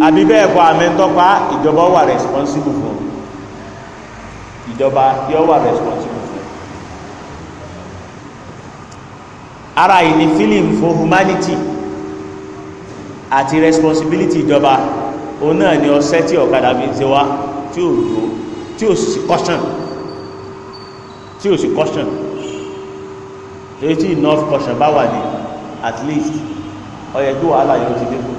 [SPEAKER 1] àbí bẹ́ẹ̀ kọ́ àmẹ́ńtọ́ pa ìjọba wà responsible fún ìjọba responsible. ara yìí ni feeling for humanity àti responsibility ìjọba òun náà ni ọṣẹ tí ọ̀kadà fi ń ṣe wá tí ò dúró tí ò sì caution tí ò sì caution torí tí enough caution bá wà ní at least ọyẹ tó wàhálà yóò ti dínkù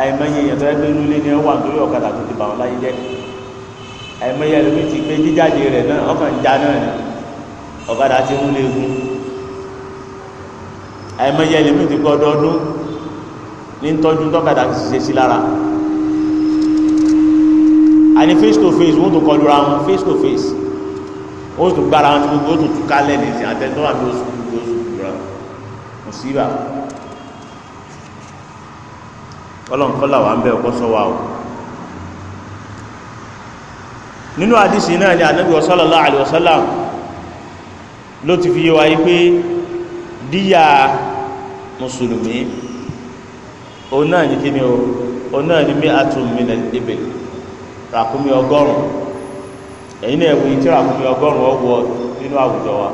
[SPEAKER 1] àìmọye èèyàn tó yẹ pé nílé ni ẹ wà nítorí ọ̀kadà tó ti bà wọn láyé jẹ́ àìmọye ẹlòmíì ti gbé jíjáde rẹ̀ náà ọkàn já náà ni ọ̀kadà ti ń léegun àìmọye ẹlẹ́mìí ti kọ́ ọdọọdún ní tọ́jú tọ́kadà ti ṣe sí lára àní face to face wọ́n tó kọlu ra wọn face to face wọ́n tó gbára wọn gbogbo wọ́n tó tú kálẹ̀ ní ìsìn àtẹ́tọ́ àti oṣù gbogbo oṣù gbogbo kò sí ibà kọ́lọ̀nkọ́lọ̀ wà ń bẹ̀ ọkọ́ sọ wa o nínú àdísì náà ni ànábì sallallahu alaihi wasallam ló ti fi yé wa yí pé díyà mùsùlùmí ona náà ní kíni o òun náà ní mi àtúnmí nà ibè ràkúnmí ọgọ́rùn ẹ̀yin náà wòye tí ràkúnmí ọgọ́rùn ọwọ́ nínú àwùjọ wa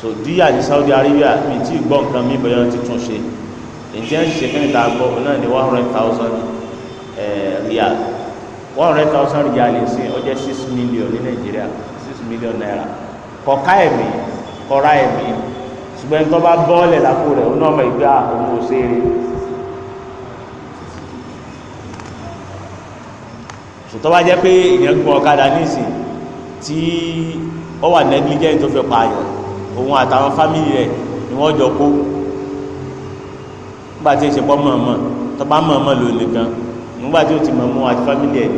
[SPEAKER 1] so díyà ní Saudi Arabia mi tí ì gbọ́ nǹkan mi bẹ̀rẹ̀ ti tún ṣe ǹjẹ́ ń ṣe kí ni ta gbọ́ òun náà one hundred thousand eh, riyal one hundred thousand riyal lè sin ó six million ní Nàìjíríà six million naira kọ̀ọ̀ká ẹ̀mí kọ̀ọ̀rá ẹ̀mí ṣùgbọ́n tó bá bọ́ọ̀lẹ̀ lápò rẹ̀ òun náà mọ̀ ìgbà ah, òun ò ṣeré sòtọ́ bá jẹ́ pé ìyẹn gun ọ̀kadà nísìn tí ó wà negligent tó fẹ́ pààyàn òun àtàwọn fámìlì rẹ̀ ni wọ́n jọ kó nígbà tí ìṣẹ̀pọ̀ mọ̀ọ́mọ̀ tó bá mọ̀ọ́mọ̀ lò nìkan nígbà ó ti mọ̀ọ́mọ̀ àti fámìlì ẹ̀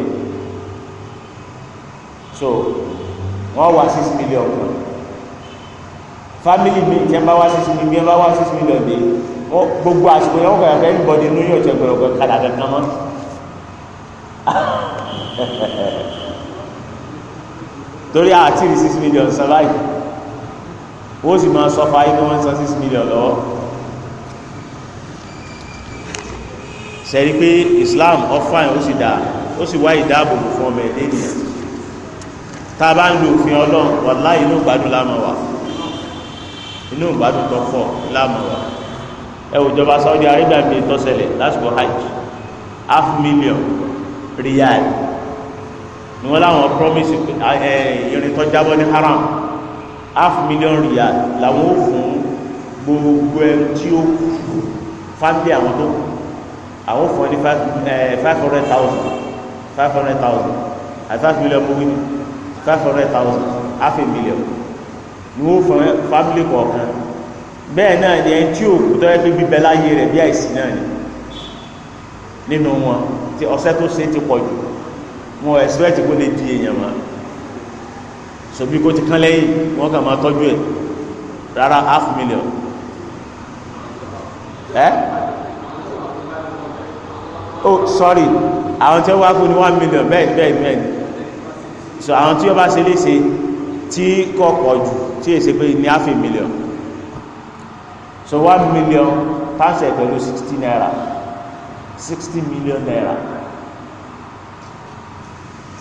[SPEAKER 1] so wọ́n wá six million family mi tẹ́ bá wá six million bá wá six million dé gbogbo àsìkò yẹn wọ́n kọ̀ yàtọ̀ everybody nínú yóò tẹ gbọ̀rọ̀ gbọ̀rọ̀ kàdà kankan mọ́ torí àti rí six million sọ báyìí ó sì máa sọ fáyé kí wọ́n san six million lọ́wọ́ sẹ́rí pé Islam ọ̀fáìn ó sì dáa ó sì wá ìdáàbòbò fún ọmọ ẹ̀dẹ́ nìyẹn tá a bá ń lo òfin Ọlọ́run wàláhì inú gbádùn lámọ̀ wà inú ìgbádùn tó pọ̀ lámùwà ẹ wò ìjọba Saudi Arabia mi tó ṣẹlẹ̀ lásìkò hajj half million riyal ni wọ́n láwọn promise ẹ irin tó jábọ́ ní haram half million riyal làwọn ò fún gbogbo ẹ tí ó kú fáńdé àwọn tó àwọn fún ẹ ní five hundred thousand five hundred thousand àti five million mọ́wé ní five hundred thousand half a million ni wọ́n fún fábílì kọ̀ọ̀kan bẹ́ẹ̀ náà ni ẹni tí òkú tọ́ ẹgbẹ́ bíbẹ́ láyé rẹ̀ bí àìsàn náà ni nínú wọn tí ọ̀sẹ̀ tó ṣe ti pọ̀ jù wọn ẹ̀sìpẹ́tì kó lè di èèyàn mọ́ sobi kó ti kán lẹ́yìn wọn kà máa tọ́jú ẹ̀ rárá half million ẹ́ oh sorry àwọn tí wọ́n wá fún ní one million bẹ́ẹ̀ bẹ́ẹ̀ bẹ́ẹ̀ so àwọn tí wọ́n bá ṣe léṣe tí kọ̀ọ̀kọ̀ jù tí èsì pé ní àfi mílíọ̀n so one million times pẹ̀lú sixty naira sixty million naira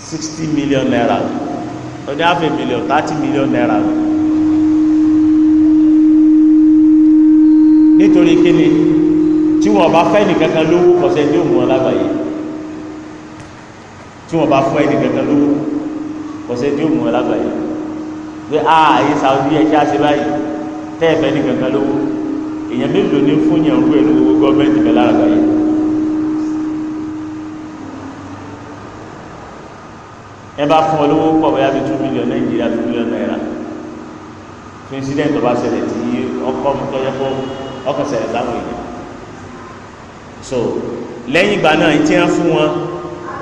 [SPEAKER 1] sixty million naira ó ní àfi mílíọ̀n thirty million naira nítorí kíni tí wọn bá fẹ́ nìkankan lówó kọ̀sẹ̀ ní òun ọlábàáyé tí wọn bá fẹ́ nìkankan lówó kọ̀sẹ̀ ní òun ọlábàáyé pé a ah, èyí Saudi ẹ̀ṣẹ́ àṣẹ báyìí tẹ́ ẹ̀fẹ́ ní kankan lówó èèyàn mélòó ní fún yàn rú ẹ̀rọ gbogbo gọ́ọ̀mẹ́ntì bẹ́ẹ̀ lára báyìí. ẹ bá fún ọ lówó pọ̀ bóyá bíi two million Nàìjíríà two million naira fún incident tó bá ṣẹlẹ̀ tí ọkọ̀ mi tọ́jú fún ọkọ̀ ṣẹlẹ̀ sáwọn èèyàn so lẹ́yìn ìgbà náà ìtí fún wọn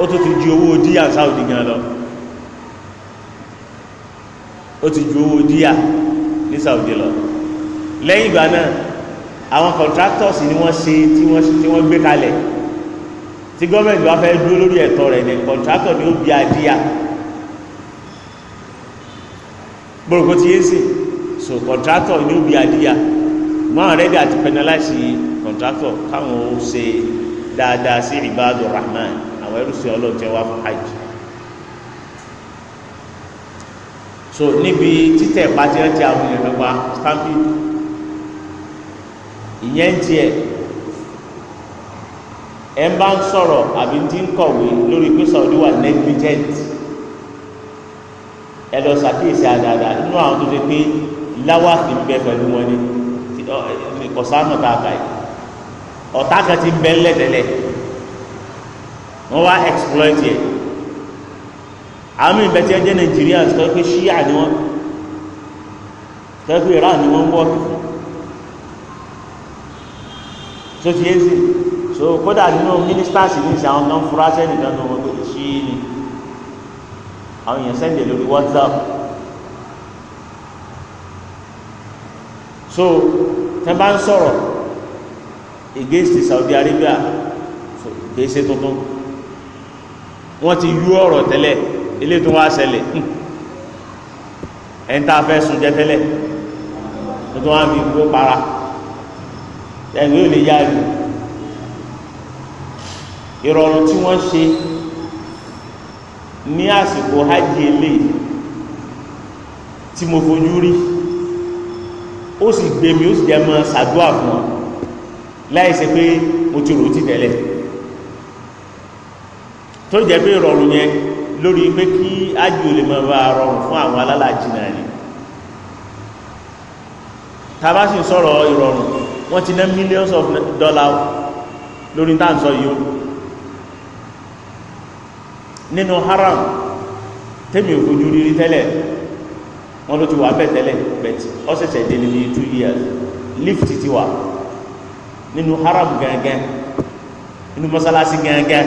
[SPEAKER 1] ó tún ti ju owó díyà Saudi gan lọ ó ti ju owó díà ní Saudi lọ lẹ́yìn ìgbà náà àwọn contractors ni wọ́n ṣe tí wọ́n tí wọ́n gbé kalẹ̀ tí gọ́ọ̀mẹ̀ntì bá fẹ́ dúró lórí ẹ̀tọ́ rẹ̀ ní contractor ni ó bí adíà gbòròkó ti yé sí so contractor ni ó bí adíà máa rẹ́dí àti penalize contractor káwọn ó ṣe dáadáa sí ibadu rahman àwọn ẹrú sí ọlọ́ọ̀tẹ́ wá fún hajj. so níbi títẹ bàtí ẹ̀ tí àwọn èèyàn mẹ́wàá stampede ìyẹn tiẹ̀ ẹ̀ ń bá ń sọ̀rọ̀ àbí ti ń kọ̀wé lórí pé Saudi wà negligent ẹ lọ ṣàkíyèsí àdáadáa nínú àwọn tó pé láwà ti ń bẹ pẹ̀lú wọn ni kọ̀sánù tá a kà yìí kan ti ń bẹ ńlẹ̀ tẹ́lẹ̀ wọ́n wá exploit yẹn. àmì ìbẹ̀ tí ẹ jẹ́ nàìjíríà sọ pé ṣíà ni wọ́n tẹ́gbẹ́ ìrà ni wọ́n ń wọ́ kí tó ti yéé sí so kódà nínú ministers ní ìsìn àwọn kan fura sẹ́ni kan ní wọn pé ṣí ni àwọn èèyàn sẹ́ndẹ̀ lórí whatsapp so tẹ́ bá ń sọ̀rọ̀ against Saudi Arabia kìí ṣe tuntun wọ́n ti yú ọ̀rọ̀ tẹ́lẹ̀ ilé tó wá ṣẹlẹ̀ hmm. ẹni tá a fẹ́ sùn jẹ tẹ́lẹ̀ tó tó wá fi gbó para ẹni yóò lè yá lu ìrọ̀rùn tí wọ́n ṣe ní àsìkò hajj eléyìí tí mo fojú rí ó sì gbé mi ó sì jẹ́ mọ́ ṣàdúrà fún ọ láì ṣe pé mo ti rò ó ti tẹ́lẹ̀ tó jẹ́ pé ìrọ̀rùn yẹn lórí pé kí ájú lè máa bá rọrùn fún àwọn alálàájì náà ni tàbá sì ń sọ̀rọ̀ ìrọ̀rùn wọ́n ti ná millions of dollars lórí táǹsọ̀ yìí nínú haram tẹ́mi ò fojú rírí tẹ́lẹ̀ wọ́n ló ti wà bẹ́ẹ̀ tẹ́lẹ̀ bẹ́ẹ̀ ó ṣẹ̀ṣẹ̀ dé níbi two years lift ti wà nínú haram gangan nínú mọ́sálásí gangan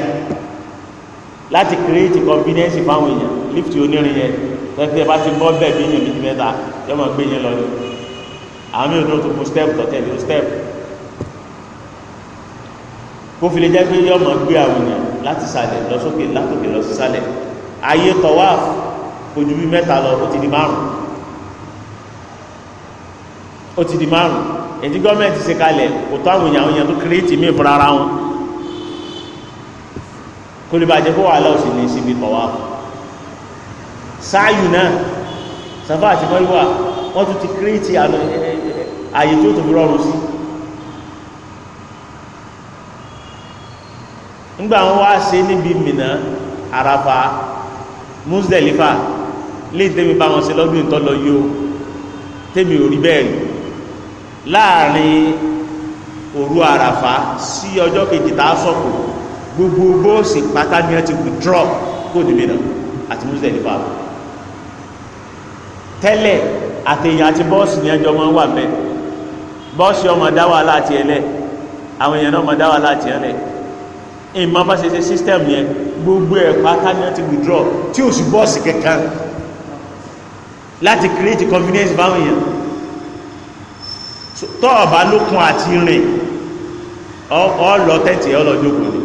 [SPEAKER 1] láti create confidence fáwọn èèyàn lift onírin yẹn tẹ́tẹ́ bá ti bọ́ bẹ́ẹ̀ bí èèyàn méjì mẹ́ta yọ máa gbé yẹn lọ ni àwọn mìíràn náà tó fún step tọ́tẹ̀ ní step kó fi lè jẹ́ pé yọ máa gbé àwọn èèyàn láti sàlẹ̀ lọ sókè látòkè lọ sí sàlẹ̀ ayé tawaf kò ju bí mẹ́ta lọ ó ti di márùn ó ti di márùn èyí gọ́ọ̀mẹ̀ntì ṣe kalẹ̀ kò tó àwọn èèyàn tó create mí fúnra ara wọn kó lè bàjẹ́ kó wàhálà òsì ní síbi kọ̀wá sáàyù náà sàfà àti mọ́lúwà wọ́n tún ti kírètì àyè tó tó fi rọrùn sí ńgbà wọn wá ṣe níbi Mínà Àràfà Muzdalifa lè tẹ́mi bá wọn ṣe lọ́dún ìtọ́lọ yóò tẹ́mi ò rí bẹ́ẹ̀ lò láàrin òru Àràfà sí ọjọ́ kejì tá a sọ̀kò gbogbo bóòsì pátá ni wọ́n ti withdraw kó dìbò náà àti mùsùlùmí nípa àbò tẹ́lẹ̀ àtẹ̀yìn àti bọ́ọ̀sì ni ẹjọ́ máa ń wà bẹ́ẹ̀ bọ́ọ̀sì ọmọ dá wàhálà àti ẹlẹ́ àwọn èèyàn náà mọ̀ dá wàhálà àti ẹlẹ́ ìmọ̀ bá ṣe ṣe system yẹn gbogbo ẹ̀ pátá ni wọ́n ti withdraw tí ò sí bọ́ọ̀sì kankan láti create convenience báwọn èèyàn tọ́ ọ̀bá lókun àti rìn ọ lọ tẹ́tì ọ lọ jókòó ni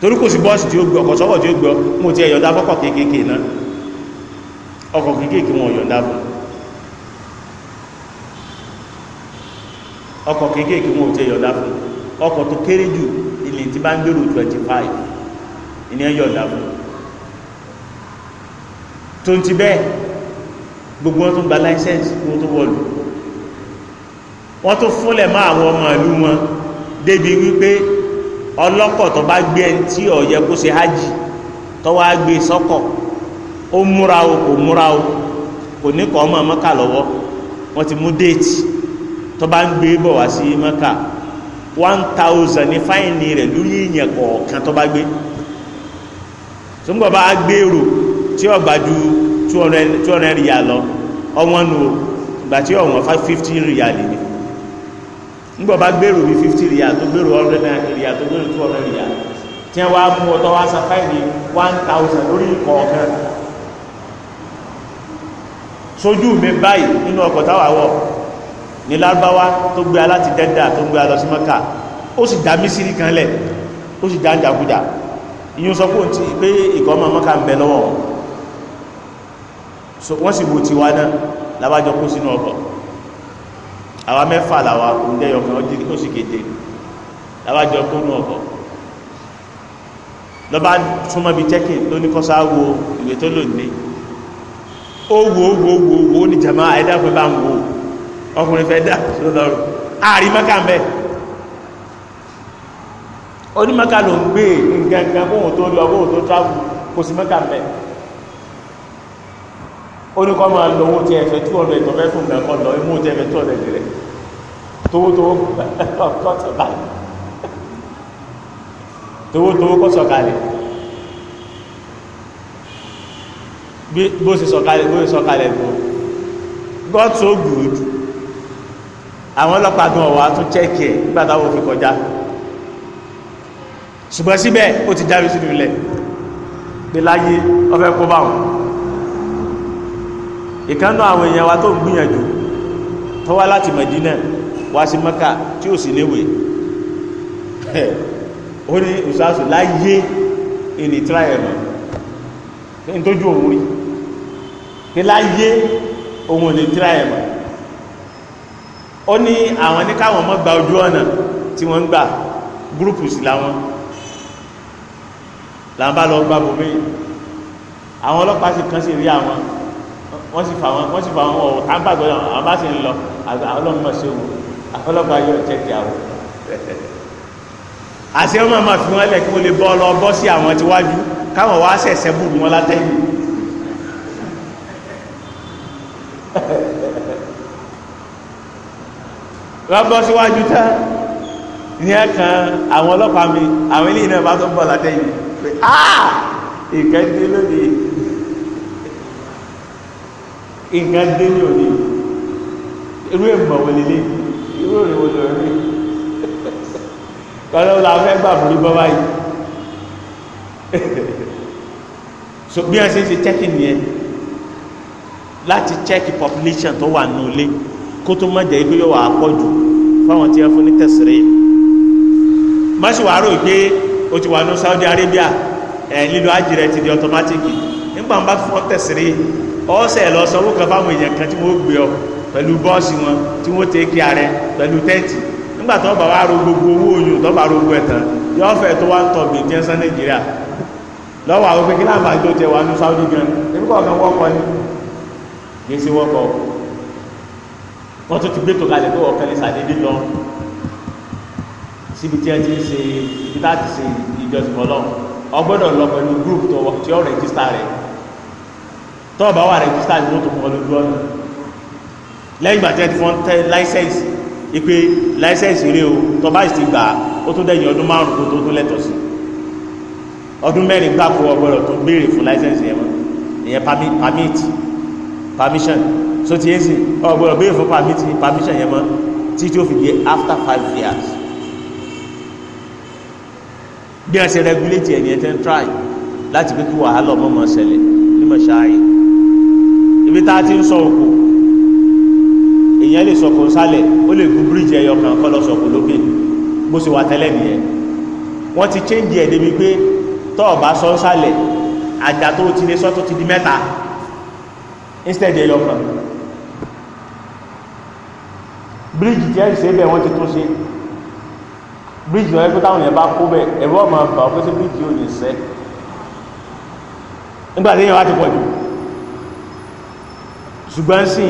[SPEAKER 1] torí kò sí bọ́ọ̀sì tí ó gbọ́ ọkọ̀ sọ́wọ́ tí ó gbọ́ mo ti ẹ̀yọ̀dá fọ́kọ̀ kéékèèké náà ọkọ̀ kéékèèké wọn ọ̀yọ̀dá fún ọkọ̀ kéékèèké wọn ti ẹ̀yọ̀dá fún ọkọ̀ tó kéré jù ilé tí bá ń gbèrò ti bẹ́ẹ̀ gbogbo wọn tó gba láísẹ́ǹsì kí tó wọlù wọ́n tó fúnlẹ̀ ọmọ ìlú wọn débi ọlọ́kọ̀ tó bá gbé ẹni tí ó yẹ kó ṣe hajj tó wá gbé sọ́kọ̀ ó múra o kò múra o kò ní kọ́ ọmọ mọ́kà lọ́wọ́ wọ́n ti mú déètì tó bá ń gbé bọ̀ wá sí mọ́kà one thousand ní fáìní rẹ̀ lórí ìyẹn kọ̀ọ̀kan tó bá gbé tó ń bọ̀ bá gbé èrò tí ó gbà ju two hundred two hundred rìyà lọ ọwọ́n nu ìgbà tí ọ̀wọ́n five fifty rìyà lè ní ńgbọ̀ bá gbèrò bíi fifty rìyà tó gbèrò hundred na tó gbèrò two hundred rìyà tí wọ́n á mú ọtọ́ wá san fáìlì one thousand lórí ìkọ̀ọ̀kan sójú mi báyìí nínú ọkọ̀ táwa wọ̀ ní lárúbáwá tó to aláti dẹ́dà tó gbé alọ sí mọ́kà ó sì dá mísírì kan lẹ̀ ó sì dá jàgùdà ìyún sọ pé ìkọ́ ọmọ mọ́kà ń bẹ lọ́wọ́ wọn si sì bò tiwa náà lábájọ kó sínú ọkọ̀ àwa mẹ́fà làwa oúnjẹ yọkan ó sì kéde làwa jọ kónú ọkọ̀ lọ́ba súnmọ́ bíi check in lóní kọ́sá wo ìwé tó lò ní ó wo wo wo wo ní jama ẹ̀dá fún bá ń wo ọkùnrin fẹ́ dà lọ́dọ̀rọ̀ àárín mọ́kà ń bẹ̀ onímọ́kà ló ń gbé nǹkan kan kóhùn tó lọ kóhùn tó travel kò sí mọ́kà ń bẹ̀ ó ní kọ́ máa lọ owó tí ẹ̀fẹ́ tí ọ̀rọ̀ ìtọ́fẹ́ fún ìgbà kan lọ imú tí ẹ̀fẹ́ tí ọ̀rọ̀ ìdílé towótowó kọ́sọ̀kalẹ̀ towótowó kọ́sọ̀kalẹ̀ bó ṣe sọ̀kalẹ̀ bó ṣe sọ̀kalẹ̀ bó God so good àwọn ọlọ́pàá gan ọ̀wá tún chẹ́ẹ̀kì ẹ̀ nígbà táwọn òfin kọjá ṣùgbọ́n síbẹ̀ ó ti jáwé sínú ilẹ̀ pé láyé ọfẹ́ kó báwọn ìkànnà àwọn èèyàn wa tó ń gbìyànjú tó wá láti Mẹdínà wá sí Mẹ́kà tí ò sí léwe ó ní ìsásù láyé ìní tíráyẹ̀mọ̀ nítójú òun rí pé láyé òun ní tíráyẹ̀mọ̀ ó ní àwọn ní mọ́ gba ojú ọ̀nà tí wọ́n ń gbà gúrùpù sí láwọn làwọn lọ gbà bòmí àwọn ọlọ́pàá sì kàn sí rí àwọn wọ́n sì fà wọ́n wọ́n sì fà wọ́n wọ̀ tá n bàgbọ́ náà àwọn bá sì ń lọ ọlọ́mọ ṣe wò ọlọ́mọ ayọ̀ jẹ́ ti àwọ̀ àti ọmọ máa fi wọn lẹ kí wọn lè bọ́ lọ bọ́ sí àwọn tíwájú káwọn wá ṣẹ̀ṣẹ̀ bù wọn látẹ̀yìn wọ́n bọ́ síwájú tán ní ẹ̀kan àwọn ọlọ́pàá mi àwọn ilé ìnáwó bá tó ń bọ̀ látẹ̀yìn pé áà ìkẹ́ńdé lónìí nǹkan dé ní òní irú èmọ̀ wọlé lé irú òní wọlé rí kọ́lọ́ la fẹ́ gbà fún bọ́ báyìí so bí wọ́n ṣe ṣe check in yẹn láti check population tó wà nù lé kó tó má jẹ́ pé yóò wà á pọ̀ jù fáwọn tí wọ́n fún ní tẹ̀sírì má ṣe wàá rò pé o ti wà ní Saudi Arabia ẹ̀ lílo ajì rẹ ti di automatic nígbà wọn bá fún ọ tẹ̀sírì ọ̀sẹ̀ lọ sanwó kan fáwọn èèyàn kan tí wọ́n gbé ọ wọn tí wọ́n tẹ́ kí ara pẹ̀lú tẹ́ǹtì nígbà tó bá wá ro gbogbo owó oyún tó bá ro gbogbo tó ń nàìjíríà àwọn pé kí tó tẹ wà ní Saudi gan níbi kọ̀ọ̀kan wọ́pọ̀ ni kì í ṣe lọ síbi tí tọ́ọ̀bá wà rẹ̀jísítà ní wọ́n tó mọ́ lójú ọ̀nà lẹ́yìn ìgbà tẹ́ ti fọ́n tẹ́ láìsẹ́ǹsì ipe láìsẹ́ǹsì rẹ o tọ́ba ìsì gbà ó tó dẹ̀yìn ọdún márùn kó tó tó lẹ́tọ̀ọ́ sí ọdún mẹ́rin gbáko ọgbọ́dọ̀ tó béèrè fún láìsẹ́ǹsì yẹn mọ́ ìyẹn permit permission so ti yẹn sì ọgbọ́dọ̀ béèrè fún permit permission yẹn mọ́ tí tí ó fi di after five years bí wọ́n ṣe regulate ẹ̀ ní ẹ̀ tẹ́ ń try láti pé kí wàhálà ọmọ mọ̀ ṣẹlẹ̀ ní mọ̀ ṣááyé ibi tá a ti ń sọ òkú èèyàn lè sọkò sálẹ̀ ó lè gun bíríìjì ẹyọ kan kọ́ lọ sọkò lókè bó ṣe wà tẹ́lẹ̀ nìyẹn wọ́n ti chéńjì ẹ̀ débi pé tọ́ ọ̀ bá sọ sálẹ̀ àjà tó ti lé sọ́tún ti di mẹ́ta instead ẹyọ kan bíríìjì tí ẹ̀ bẹ́ẹ̀ wọ́n ti tún ṣe bíríìjì náà ẹgbẹ́ táwọn yẹn bá kó bẹ́ẹ̀ ẹ̀rọ ọmọ àgbà ọ̀pẹ́sẹ̀ bíríìjì ò ní sẹ́ nígbà tí èèyàn wá ti pọ̀ jù ṣùgbọ́n sì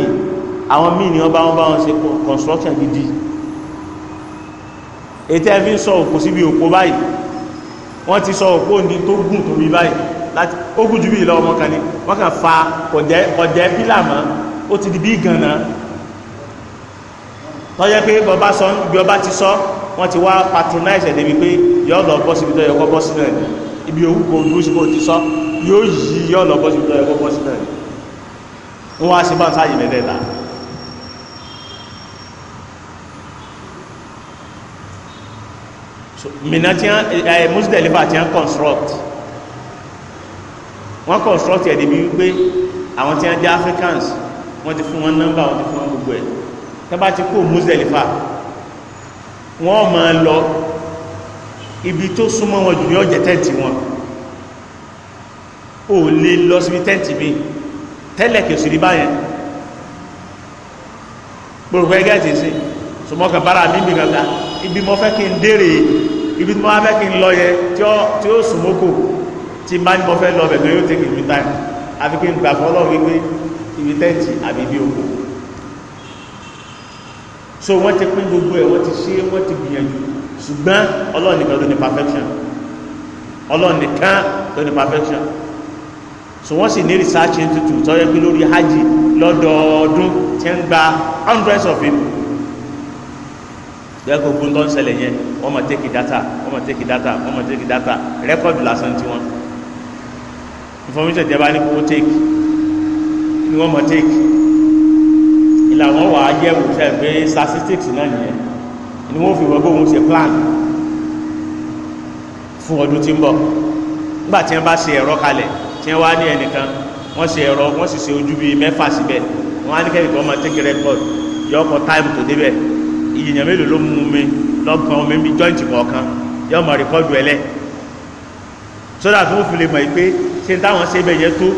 [SPEAKER 1] àwọn míì ni wọ́n bá wọn bá wọn ṣe construction gidi ètò ẹ̀fín sọ òkú síbi òpó báyìí wọ́n ti sọ òpó ní tó gùn tóbi báyìí láti ó gùn jù bí ìlọ ọmọ kan ni wọ́n kàn fa kọ̀jẹ́ pílà mọ́ ó ti di bí gànà tọ́jẹ́ pé bọba sọ ibi ọba ti sọ wọ́n ti wá patronize ẹ̀ débi pé yọ́ lọ bọ́ síbi tó yẹ kọ́ bọ́ sílẹ̀ ibi òwú kò dúró síbi ó ti sọ yóò yí yọ́ lọ bọ́ síbi tó kọ́ bọ́ sílẹ̀ ń wá sí báńsá yìí mẹ́tẹ̀ẹ̀ta mina tí ẹ eh, eh, Musdalifa tí wọ́n construct wọ́n construct ẹ̀ débi wípé àwọn tí wọ́n jẹ́ Africans wọ́n ti fún wọn nọ́mbà wọ́n ti fún wọn gbogbo ẹ̀ tó bá ti kó Musdalifa wọ́n máa lọ ibi tó súnmọ́ wọn jù ní ọ̀jẹ̀ tẹ́ǹtì wọn ò lè lọ síbi tẹ́ǹtì bíi tẹ́lẹ̀ kìí sírí báyẹn gbogbo ẹgẹ́ ti sí sọmọkà bára mi bì gàgà ibi mo fẹ́ kí n dèrè ibi mo fẹ́ kí n lọ yẹ tí ó sùnmọ́kò tí má ní mo fẹ́ lọ bẹ̀rẹ̀ yóò tẹ̀kì mi táyà àfi kí n gbà fọlọ́ wípé ibi tẹ́ǹtì àbí ibi oko so wọ́n ti pín gbogbo ẹ̀ wọ́n ti ṣe wọ́n ti gbìyànjú ṣùgbọ́n ọlọ́ọ̀nìkan ló ní perfection ọlọ́ọ̀nìkan ló ní perfection so wọ́n sì ní research institute tó yẹ pé lórí hajj lọ́dọọdún tí ń gba hundreds of people gbẹ́gbẹ́ ogun tó ń ṣẹlẹ̀ yẹn wọ́n máa tẹ́kì data wọ́n máa tẹ́kì data wọ́n máa tẹ́kì data rẹ́kọ̀dù lásán tí wọ́n information tẹ́ bá ní kó tẹ́kì ni wọ́n máa tẹ́kì ìlà wọn wà á yẹ̀wò sẹ́ pé statistics náà nìyẹn ni wọ́n fi wọ́n bóun ṣe plan fún ọdún tí ń bọ̀ nígbà tí wọ́n bá ṣe ẹ̀rọ kalẹ̀ tí wọ́n á ní ẹnìkan wọ́n sì ẹ̀rọ wọ́n sì ṣe ojú bíi mẹ́fà síbẹ̀ wọ́n á ní kẹ́kẹ́ ọmọ tẹ́kẹ́ rẹ́kọ̀d yọ ọkọ̀ táìmù tó débẹ̀ ìyìnyẹn mélòó ló mú mi lọ́gbọ̀n omi bíi jọ́ǹtì kọ̀ọ̀kan record ọmọ rẹ́kọ̀dù ẹlẹ́ sódà tó fi lè mọ̀ pé ṣé táwọn ṣe bẹ̀ yẹ tó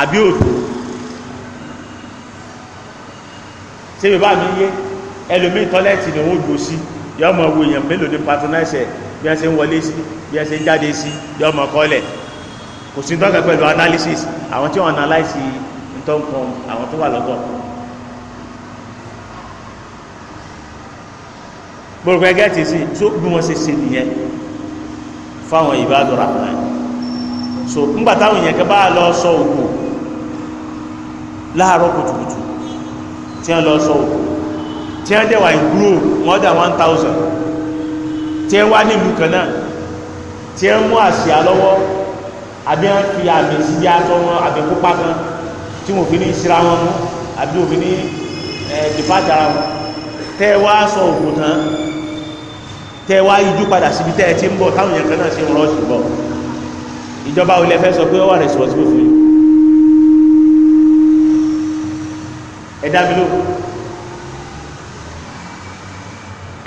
[SPEAKER 1] àbí òtò ṣé bàbá mi yé ẹlòmíì tọ́lẹ́ẹ̀tì ni wọ́n gbó sí yọ ọmọ wo èèyàn mélòó ní patronize ẹ̀ bí a ṣe ń wọlé sí bí wọ́n ṣe ń jáde sí yọ ọmọ kọ́lẹ̀ kò sí dọ́gà pẹ̀lú analysis àwọn tí wọ́n analyse ntọ́nkan àwọn tó wà lọ́gọ̀ gbogbo ẹgẹ́ ti sí tó bí wọ́n ṣe ṣe nìyẹn fáwọn ìbádọ̀ rahman so ńgbà táwọn èèyàn kan bá lọ sọ òkú láàárọ̀ kùtùkùtù tí wọ́n lọ sọ òkú tí wọ́n dẹ̀wà ìgbúrò more than one thousand tí wọ́n wá nílùú kan náà tí wọ́n mú àsíá lọ́wọ́ àbí wọn fi àmì sí bí atọ wọn àbí kópa kan tí wọn fi ní ìsira wọn mú àbí wọn fi ní ẹ dìpájà wọn tẹ wá sọ ògùn tán tẹ wá ijú padà síbi tẹ ẹ ti ń bọ̀ táwọn yẹn kan náà ṣe ń rọọṣì bọ̀ ìjọba olè fẹ́ sọ pé ó wà responsible fún yìí ẹ dá mi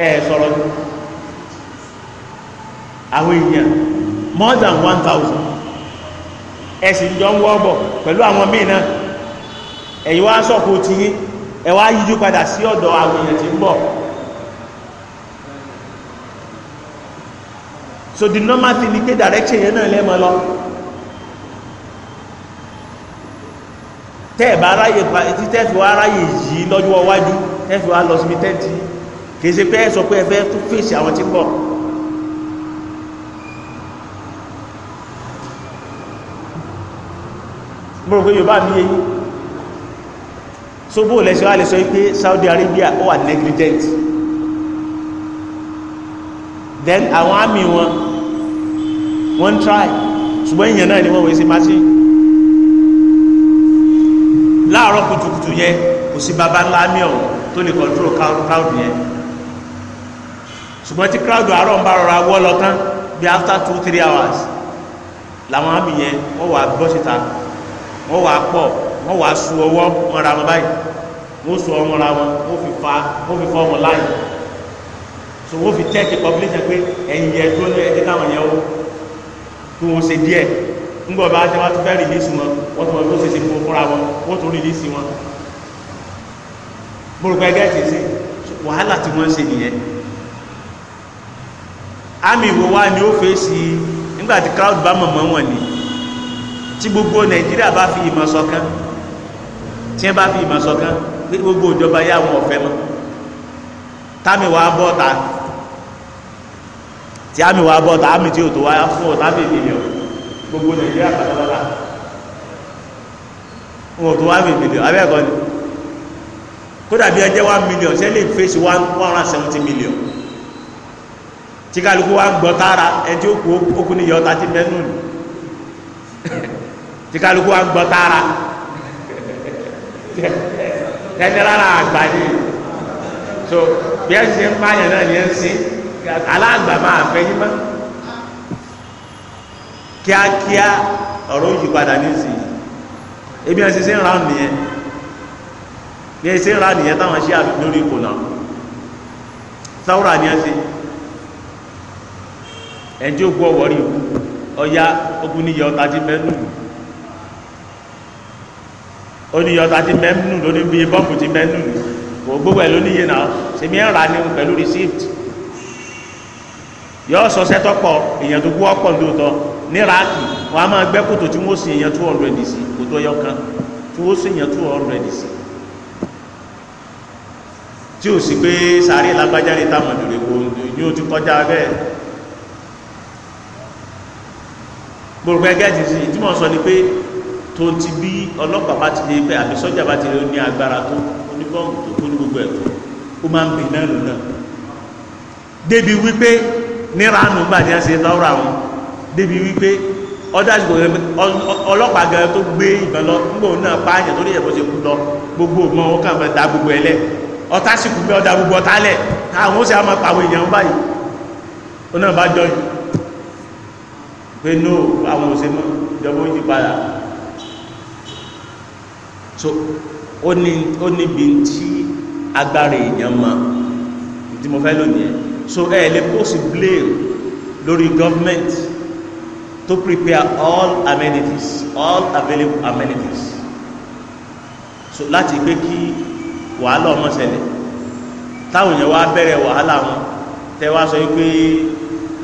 [SPEAKER 1] ẹ sọ̀rọ̀ àwọn èèyàn more than one thousand ẹ̀sìn jọ ń wọ́ọ̀bọ̀ pẹ̀lú àwọn míì náà wá sọ̀kò tí ẹ̀ wá yíjú padà sí ọ̀dọ̀ àwọn èèyàn ń bọ̀ so the normal thing ni pé direction yẹn náà lẹ́mọ lọ tẹ́ ẹ̀ bá ráyè tí tẹ́ fi wá ráyè yìí lọ́jọ́ iwájú tẹ́ fi wá lọ síbi tẹ́ǹtì kì í ṣe pé ẹ sọ pé ẹ fẹ́ tó fèsì àwọn tí ń mo rò pé yorùbá mi yé so bó lẹ́sẹ̀ wá lè sọ pé Saudi Arabia ó wà negligent then àwọn àmì wọn wọ́n ń try ṣùgbọ́n èèyàn náà ni wọ́n wọ́n ṣe machine láàárọ̀ kùtùkùtù yẹn kò sí baba ńlá mi ọ̀hún tó lè control crowd yẹn ṣùgbọ́n tí crowd àárọ̀ ń bá rọra wọ́ lọ tán bí after two three hours làwọn àmì yẹn wọ́n wà bọ́ wọ́n wàá pọ̀ wọ́n wàá su ọwọ́ mọ́ra wọn báyìí wọ́n su ọwọ́ mọ́ra wọn wọ́n fi fa wọ́n fi fọ́ wọn láì so wọ́n fi tẹ́ẹ̀kì population pé ẹ̀yìn yẹn tó ní ẹ̀jẹ̀ táwọn yẹn wò wọ́n ṣe díẹ̀ ńgbọ̀n bá ṣe wá fẹ́ rìlíìsì wọn wọ́n tó fún fúnra tí gbogbo nàìjíríà bá fi ìmọ̀ ṣọ̀kan tí wọ́n bá fi ìmọ̀ ṣọ̀kan pé gbogbo ìjọba yà wọ́n ọ̀fẹ́ mọ́ támi wàá bọ́ ta tí àmì wàá bọ́ ta àmì tí ò tó wá fún ọ̀tá bèbè yọ gbogbo nàìjíríà pátápátá wọn ò tó wá bèbè yọ abẹ́ẹ̀kọ́ ni kódà bí ẹjẹ́ one million ṣe lè fèsì one hundred and seventy million tí kálukú wa gbọ́ tààrà ẹni tí ó kú ó kú ní yọ ọ̀tá tí mẹ́nu nù. tí kálukú wa ń gbọ́ tààrà ẹni rárá àgbà ni so bí ẹ ṣe ń pààyàn náà ni ẹ ń sin aláǹgbà máa fẹ́ yín mọ́ kíákíá ọ̀rọ̀ yìí padà nísìnyí ebi ẹ ṣe ṣe ń ra nìyẹn ní ẹ ṣe ń ra nìyẹn táwọn ṣe àbí lórí náà sáwúrà ni ẹ ṣe ẹjọ́ gbọ́ wọ́rí ọya ogun níyẹ ọta ti bẹ́ẹ̀ lùlù ó ní yọta ti mẹ́nu ló ní bí bọ́ọ̀bù ti mẹ́nu kò gbogbo ẹ̀ ló níye náà ṣe mi ń ra ni pẹ̀lú receipt yọ sọ sẹ́tọ́ pọ̀ èèyàn tó gbọ́ pọ̀ lóòótọ́ ní raaki wọn a máa gbẹ́ kòtò tí wọ́n sì èèyàn two hundred sí kòtò ẹyọ kan tí wọ́n sì èèyàn two hundred sí tí o sì pé sàárè lágbájáde táwọn ìdòrè kò ní o ti kọjá bẹ́ẹ̀ gbogbo ẹgẹ́ ti sì tí mo sọ ni pé tó ti bí ọlọ́pàá bá ti lè pẹ́ àbí sọ́jà bá ti lè ní agbára tó oníbọ́ọ̀mù tó tó ní gbogbo ẹ̀ ó máa ń bì náà lò náà débi wípé níranu gbà ní ẹsẹ̀ lọ́rọ̀ àwọn débi wípé ọdájú ọlọ́pàá gan tó gbé ìbọn lọ nígbà òun náà pààyàn torí ẹ̀bọ̀ ṣe kú lọ gbogbo ọmọ wọn kàn fẹ́ da gbogbo ẹ̀ lẹ̀ ọ̀tá sì kú pé ọ̀dà gbogbo ọ̀tá lẹ̀ àwọn ó sì máa pa èèyàn báyìí ó náà bá jọ yìí pé no àwọn òṣèlú ìjọba ó yí padà so ó ní ó níbi tí agbára èèyàn mọ tí mo fẹ́ lónìí ẹ̀ so ẹ lè post blame lórí government to prepare all amenities all available amenities so láti pé kí wàhálà ọmọ ṣẹlẹ̀ táwọn èèyàn wá bẹ̀rẹ̀ wàhálà wọn tẹ wá sọ wípé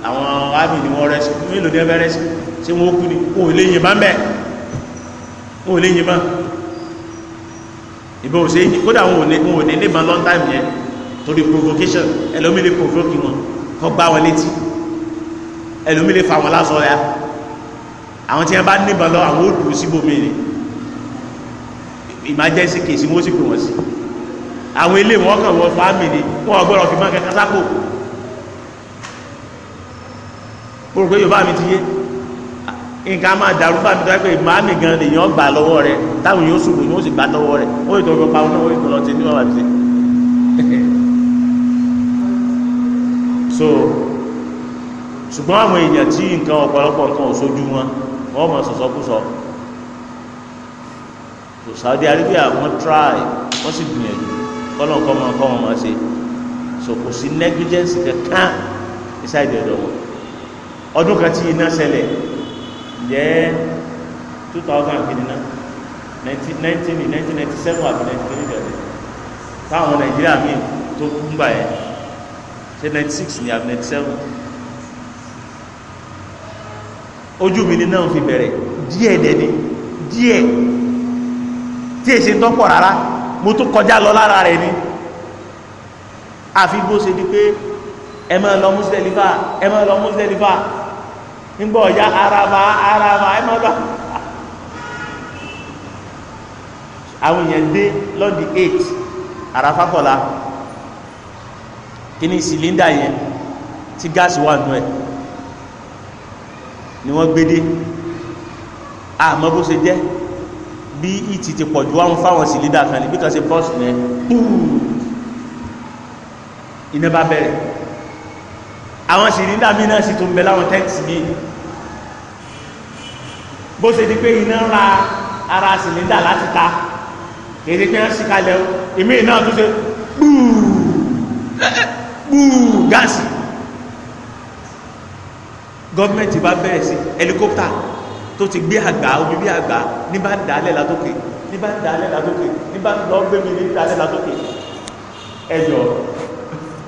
[SPEAKER 1] àwọn army ni wọ́n rẹ́sì mélòó ni ẹ bẹ́ rẹ́sì ṣé wọ́n kú ni òun lè yìnbọn bẹ́ẹ̀ òun lè yìnbọn ìbò ò ṣe kódà wọn ò ní níbọn long time yẹn torí provocation ẹlòmíì lè provoke wọn kọ́ gbá wọn létí ẹlòmíì lè fa wọn lásọ ya àwọn tí wọn bá níbọn lọ àwọn ò dùn síbòmí ni emergency case wọn ó sì pè wọn sí àwọn ilé wọn kàn wọ fámìlì wọn ò gbọ́dọ̀ fi máa kẹ kásákò mo rò pé Yorùbá mi ti yé nǹkan máa dàrú bá mi dápẹ́ màámi gan lè yàn gbà lọ́wọ́ rẹ táwọn yóò sùn yóò sì gbà lọ́wọ́ rẹ ó yẹ tó fi pa ọ náà ó yẹ tó lọ sí ní wàhálà sí. so ṣùgbọ́n àwọn èèyàn tí nǹkan ọ̀pọ̀lọpọ̀ nǹkan ò sójú wọn wọ́n mọ̀ sọ̀sọ́kùsọ. so Saudi Arabia wọ́n try wọ́n sì gbìyànjú kọ́nà kọ́ wọn kọ́ wọn máa ṣe so kò sí negligence kankan inside the door ọdún kan tí iná ṣẹlẹ̀ jẹ́ two thousand kìíní náà nineteen nineteen nineteen ninety seven àti nineteen kìíní kẹ̀lẹ́ táwọn nàìjíríà míì tó ń gbà yẹn ṣe ninety six ni àbí ninety seven ojú mi ni náà fi bẹ̀rẹ̀ díẹ̀ dẹ̀ni díẹ̀ tí èsì tó pọ̀ rárá mo tún kọjá lọ lára rẹ̀ ni àfi bó ṣe di pé ẹ máa lọ Muzdalifa ẹ máa lọ Muzdalifa nígbà ọ̀yá araba araba ẹ máa bá àwọn èèyàn dé lọ́dí eight àràfà kọ̀la kí ni sìlíndà yẹn tí gáàsì wà nù ẹ̀ ni wọ́n gbé dé àmọ́ bó ṣe jẹ́ bí ìtì ti pọ̀jù wọn fáwọn sìlíndà kan ní bí kan ṣe bọ́ọ̀sì yẹn iná bá bẹ̀rẹ̀ àwọn sìlíndà mi náà sì tún bẹ láwọn tẹ́ǹtì mi bó ṣe di pé iná ń ra ara sìlẹ́ńdà láti ta kéde pé wọ́n sì kalẹ̀ o èmi náà tún ṣe gbúù gbúù gáàsì gọ́ọ̀mẹ̀ntì bá bẹ̀rẹ̀ sí ẹlikópítà tó ti gbé àgbà omi bí àgbà ní bá ń dálẹ̀ látòkè ní bá ń dálẹ̀ látòkè ní bá ń lọ gbé mi ní dálẹ̀ látòkè ẹjọ́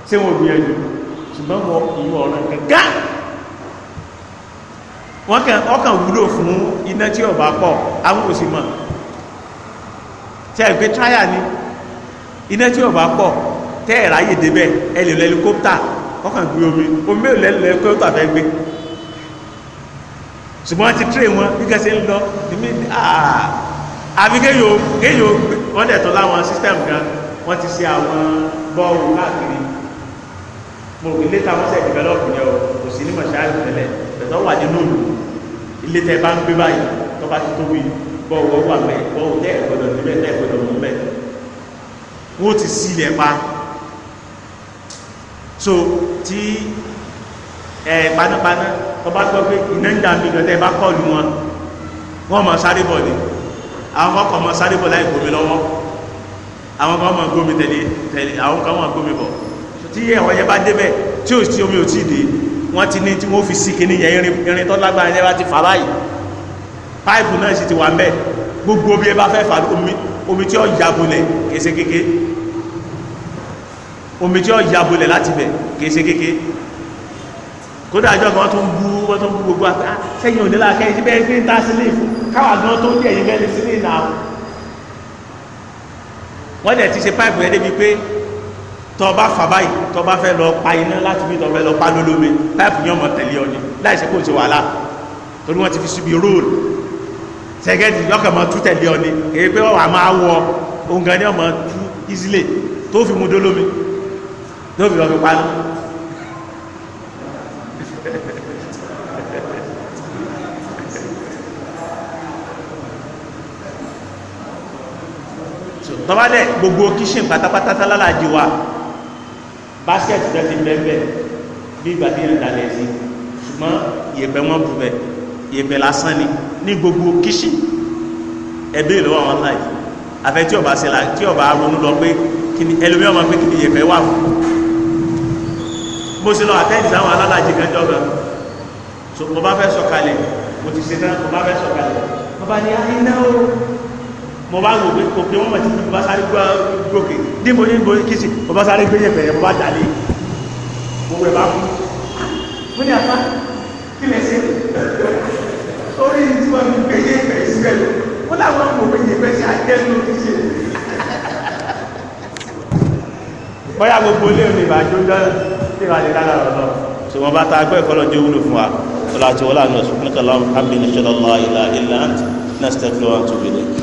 [SPEAKER 1] ṣé wọn ò gbìyànjú ṣùgbọ́n wọn ìwọ ọ̀ràn kankan wọ́n kàn ọkàn wúlò fún iná tí ọba pọ̀ àwọn òsì mọ̀ tẹ́ ẹ̀ pé tráyà ni iná tí ọba pọ̀ tẹ́ ẹ̀ ráyè débẹ̀ ẹ lè lọ ẹlikópítà ọkàn gbé omi omi ò lẹ́lọ ẹlikópítà fẹ́ gbé ṣùgbọ́n ti tírè wọn bí kẹsẹ̀ ń lọ èmi àfi kéyò kéyò wọ́n dẹ̀ tọ́ láwọn system kan wọ́n ti ṣe àwọn bọ́ọ̀lù káàkiri mo rò pé létà wọ́n sẹ̀ develop yẹn o kò sí ní mọ̀ṣáàlì tẹ́lẹ̀ tẹ̀tọ́ wà nínú ìlú ilé tẹ bá ń gbé báyìí tó bá ti tóbi bọ́ọ̀wọ́ wà mẹ́ bọ́ọ̀ tẹ́ ẹ̀gbọ́dọ̀ níbẹ̀ tẹ́ ẹ̀gbọ́dọ̀ mú mẹ́ wọ́n ti sí ilẹ̀ pa so tí ẹ̀ panápaná tó bá gbọ́ pé iná ń dàbí gan tẹ́ bá kọ́ọ̀lù wọn wọ́n mọ̀ sáré bọ̀ ni àwọn ọkọ̀ mọ̀ sáré bọ̀ láì gbomi lọ́wọ́ àwọn kan mọ̀ gómi tẹ̀lé tẹ̀lé àwọn kan mọ̀ gómi bọ̀ tí ẹ̀wọ̀n yẹn bá débẹ̀ tí ò sí omi ò tí ì dé wọ́n ti ní tí wọ́n fi sí kíní yẹn irin tó lágbára yẹn bá ti fà báyìí páìpù náà sì ti wà mẹ́ gbogbo bí ẹ bá fẹ́ fà omi tí ó yabulẹ̀ kése kéke omi tí ó yabulẹ̀ láti bẹ̀ kése kéke kódà àjọ kan tó ń bú wọ́n tó ń bú gbogbo àti ah, sẹ́yìn òdìlá kẹ́yìn tí bẹ́ẹ̀ fi ń ta sílé fún káwà gan tó ń jẹ́ ìyẹn bẹ́ẹ̀ sílé náà wọ́n dẹ̀ ti ṣe páìpù yẹn débi pé tọ́ bá fà báyìí tọ́ bá fẹ́ lọ pa iná láti bí tọ́ fẹ́ lọ pa lólómi táìpù yẹn mọ̀ tẹ̀lé ọ ni láì ṣe kó ṣe wàhálà torí wọ́n ti fi síbi róòlù sẹ́gẹ́dì yọkẹ̀ mọ̀ tú tẹ̀lé ọ ni èyí pé wà máa wọ oǹgàn ni ọmọ tú ìsílè tó fi mu dólómi tó fi lọ fi paná. tọ́ba dẹ̀ gbogbo kíṣìn pátápátá tálálà jí wa báskẹ̀tì rẹ ti bẹ́ẹ̀ bí ìgbà tí yẹn dalẹ̀ sí ṣùgbọ́n ìyẹ̀pẹ̀ wọn bù bẹ̀ ìyẹ̀pẹ̀ lásán ni ní gbogbo kíṣì ẹbí ìlú àwọn láì àfẹ tí ọba ṣe là tí ọba ronú lọ pé kíni ẹlòmíọ́ máa pé kíni ìyẹ̀pẹ̀ wà fún mo ṣe lọ àtẹ́ǹtì sáwọn alálàjì kan jọba so mo bá fẹ́ sọ̀kalẹ̀ mo ti ṣe tán mo bá fẹ́ sọ̀kalẹ̀ mo bá ní ayé náà mo bá wò pé òkè wọn ti bá sáré gbọ́ gòkè níbo níbo kìsì mo bá sáré gbé yẹpẹ mo bá dàlé mo wẹ̀ bá fún mo ní àpá kí lè ṣe orí tí wọn fi gbé yẹpẹ síbẹ̀ lọ wọn làwọn mọ̀ pé yẹpẹ sí àjẹnú kìsì. bóyá gbogbo ilé mi ìbàjọ́ dáná tí ìbàjọ́ dáná rọ̀ lọ ṣùgbọ́n bá ta agbẹ́ ìkọlọ̀ jẹ́ wúlò fún wa ọlá àti wọlá àná ṣùgbọ́n kàlá àmì ìṣẹ̀lẹ̀ ọlá ìlà ìlà àti
[SPEAKER 2] nẹ́sítẹ́fìlọ́wọ́n tó bìlẹ̀.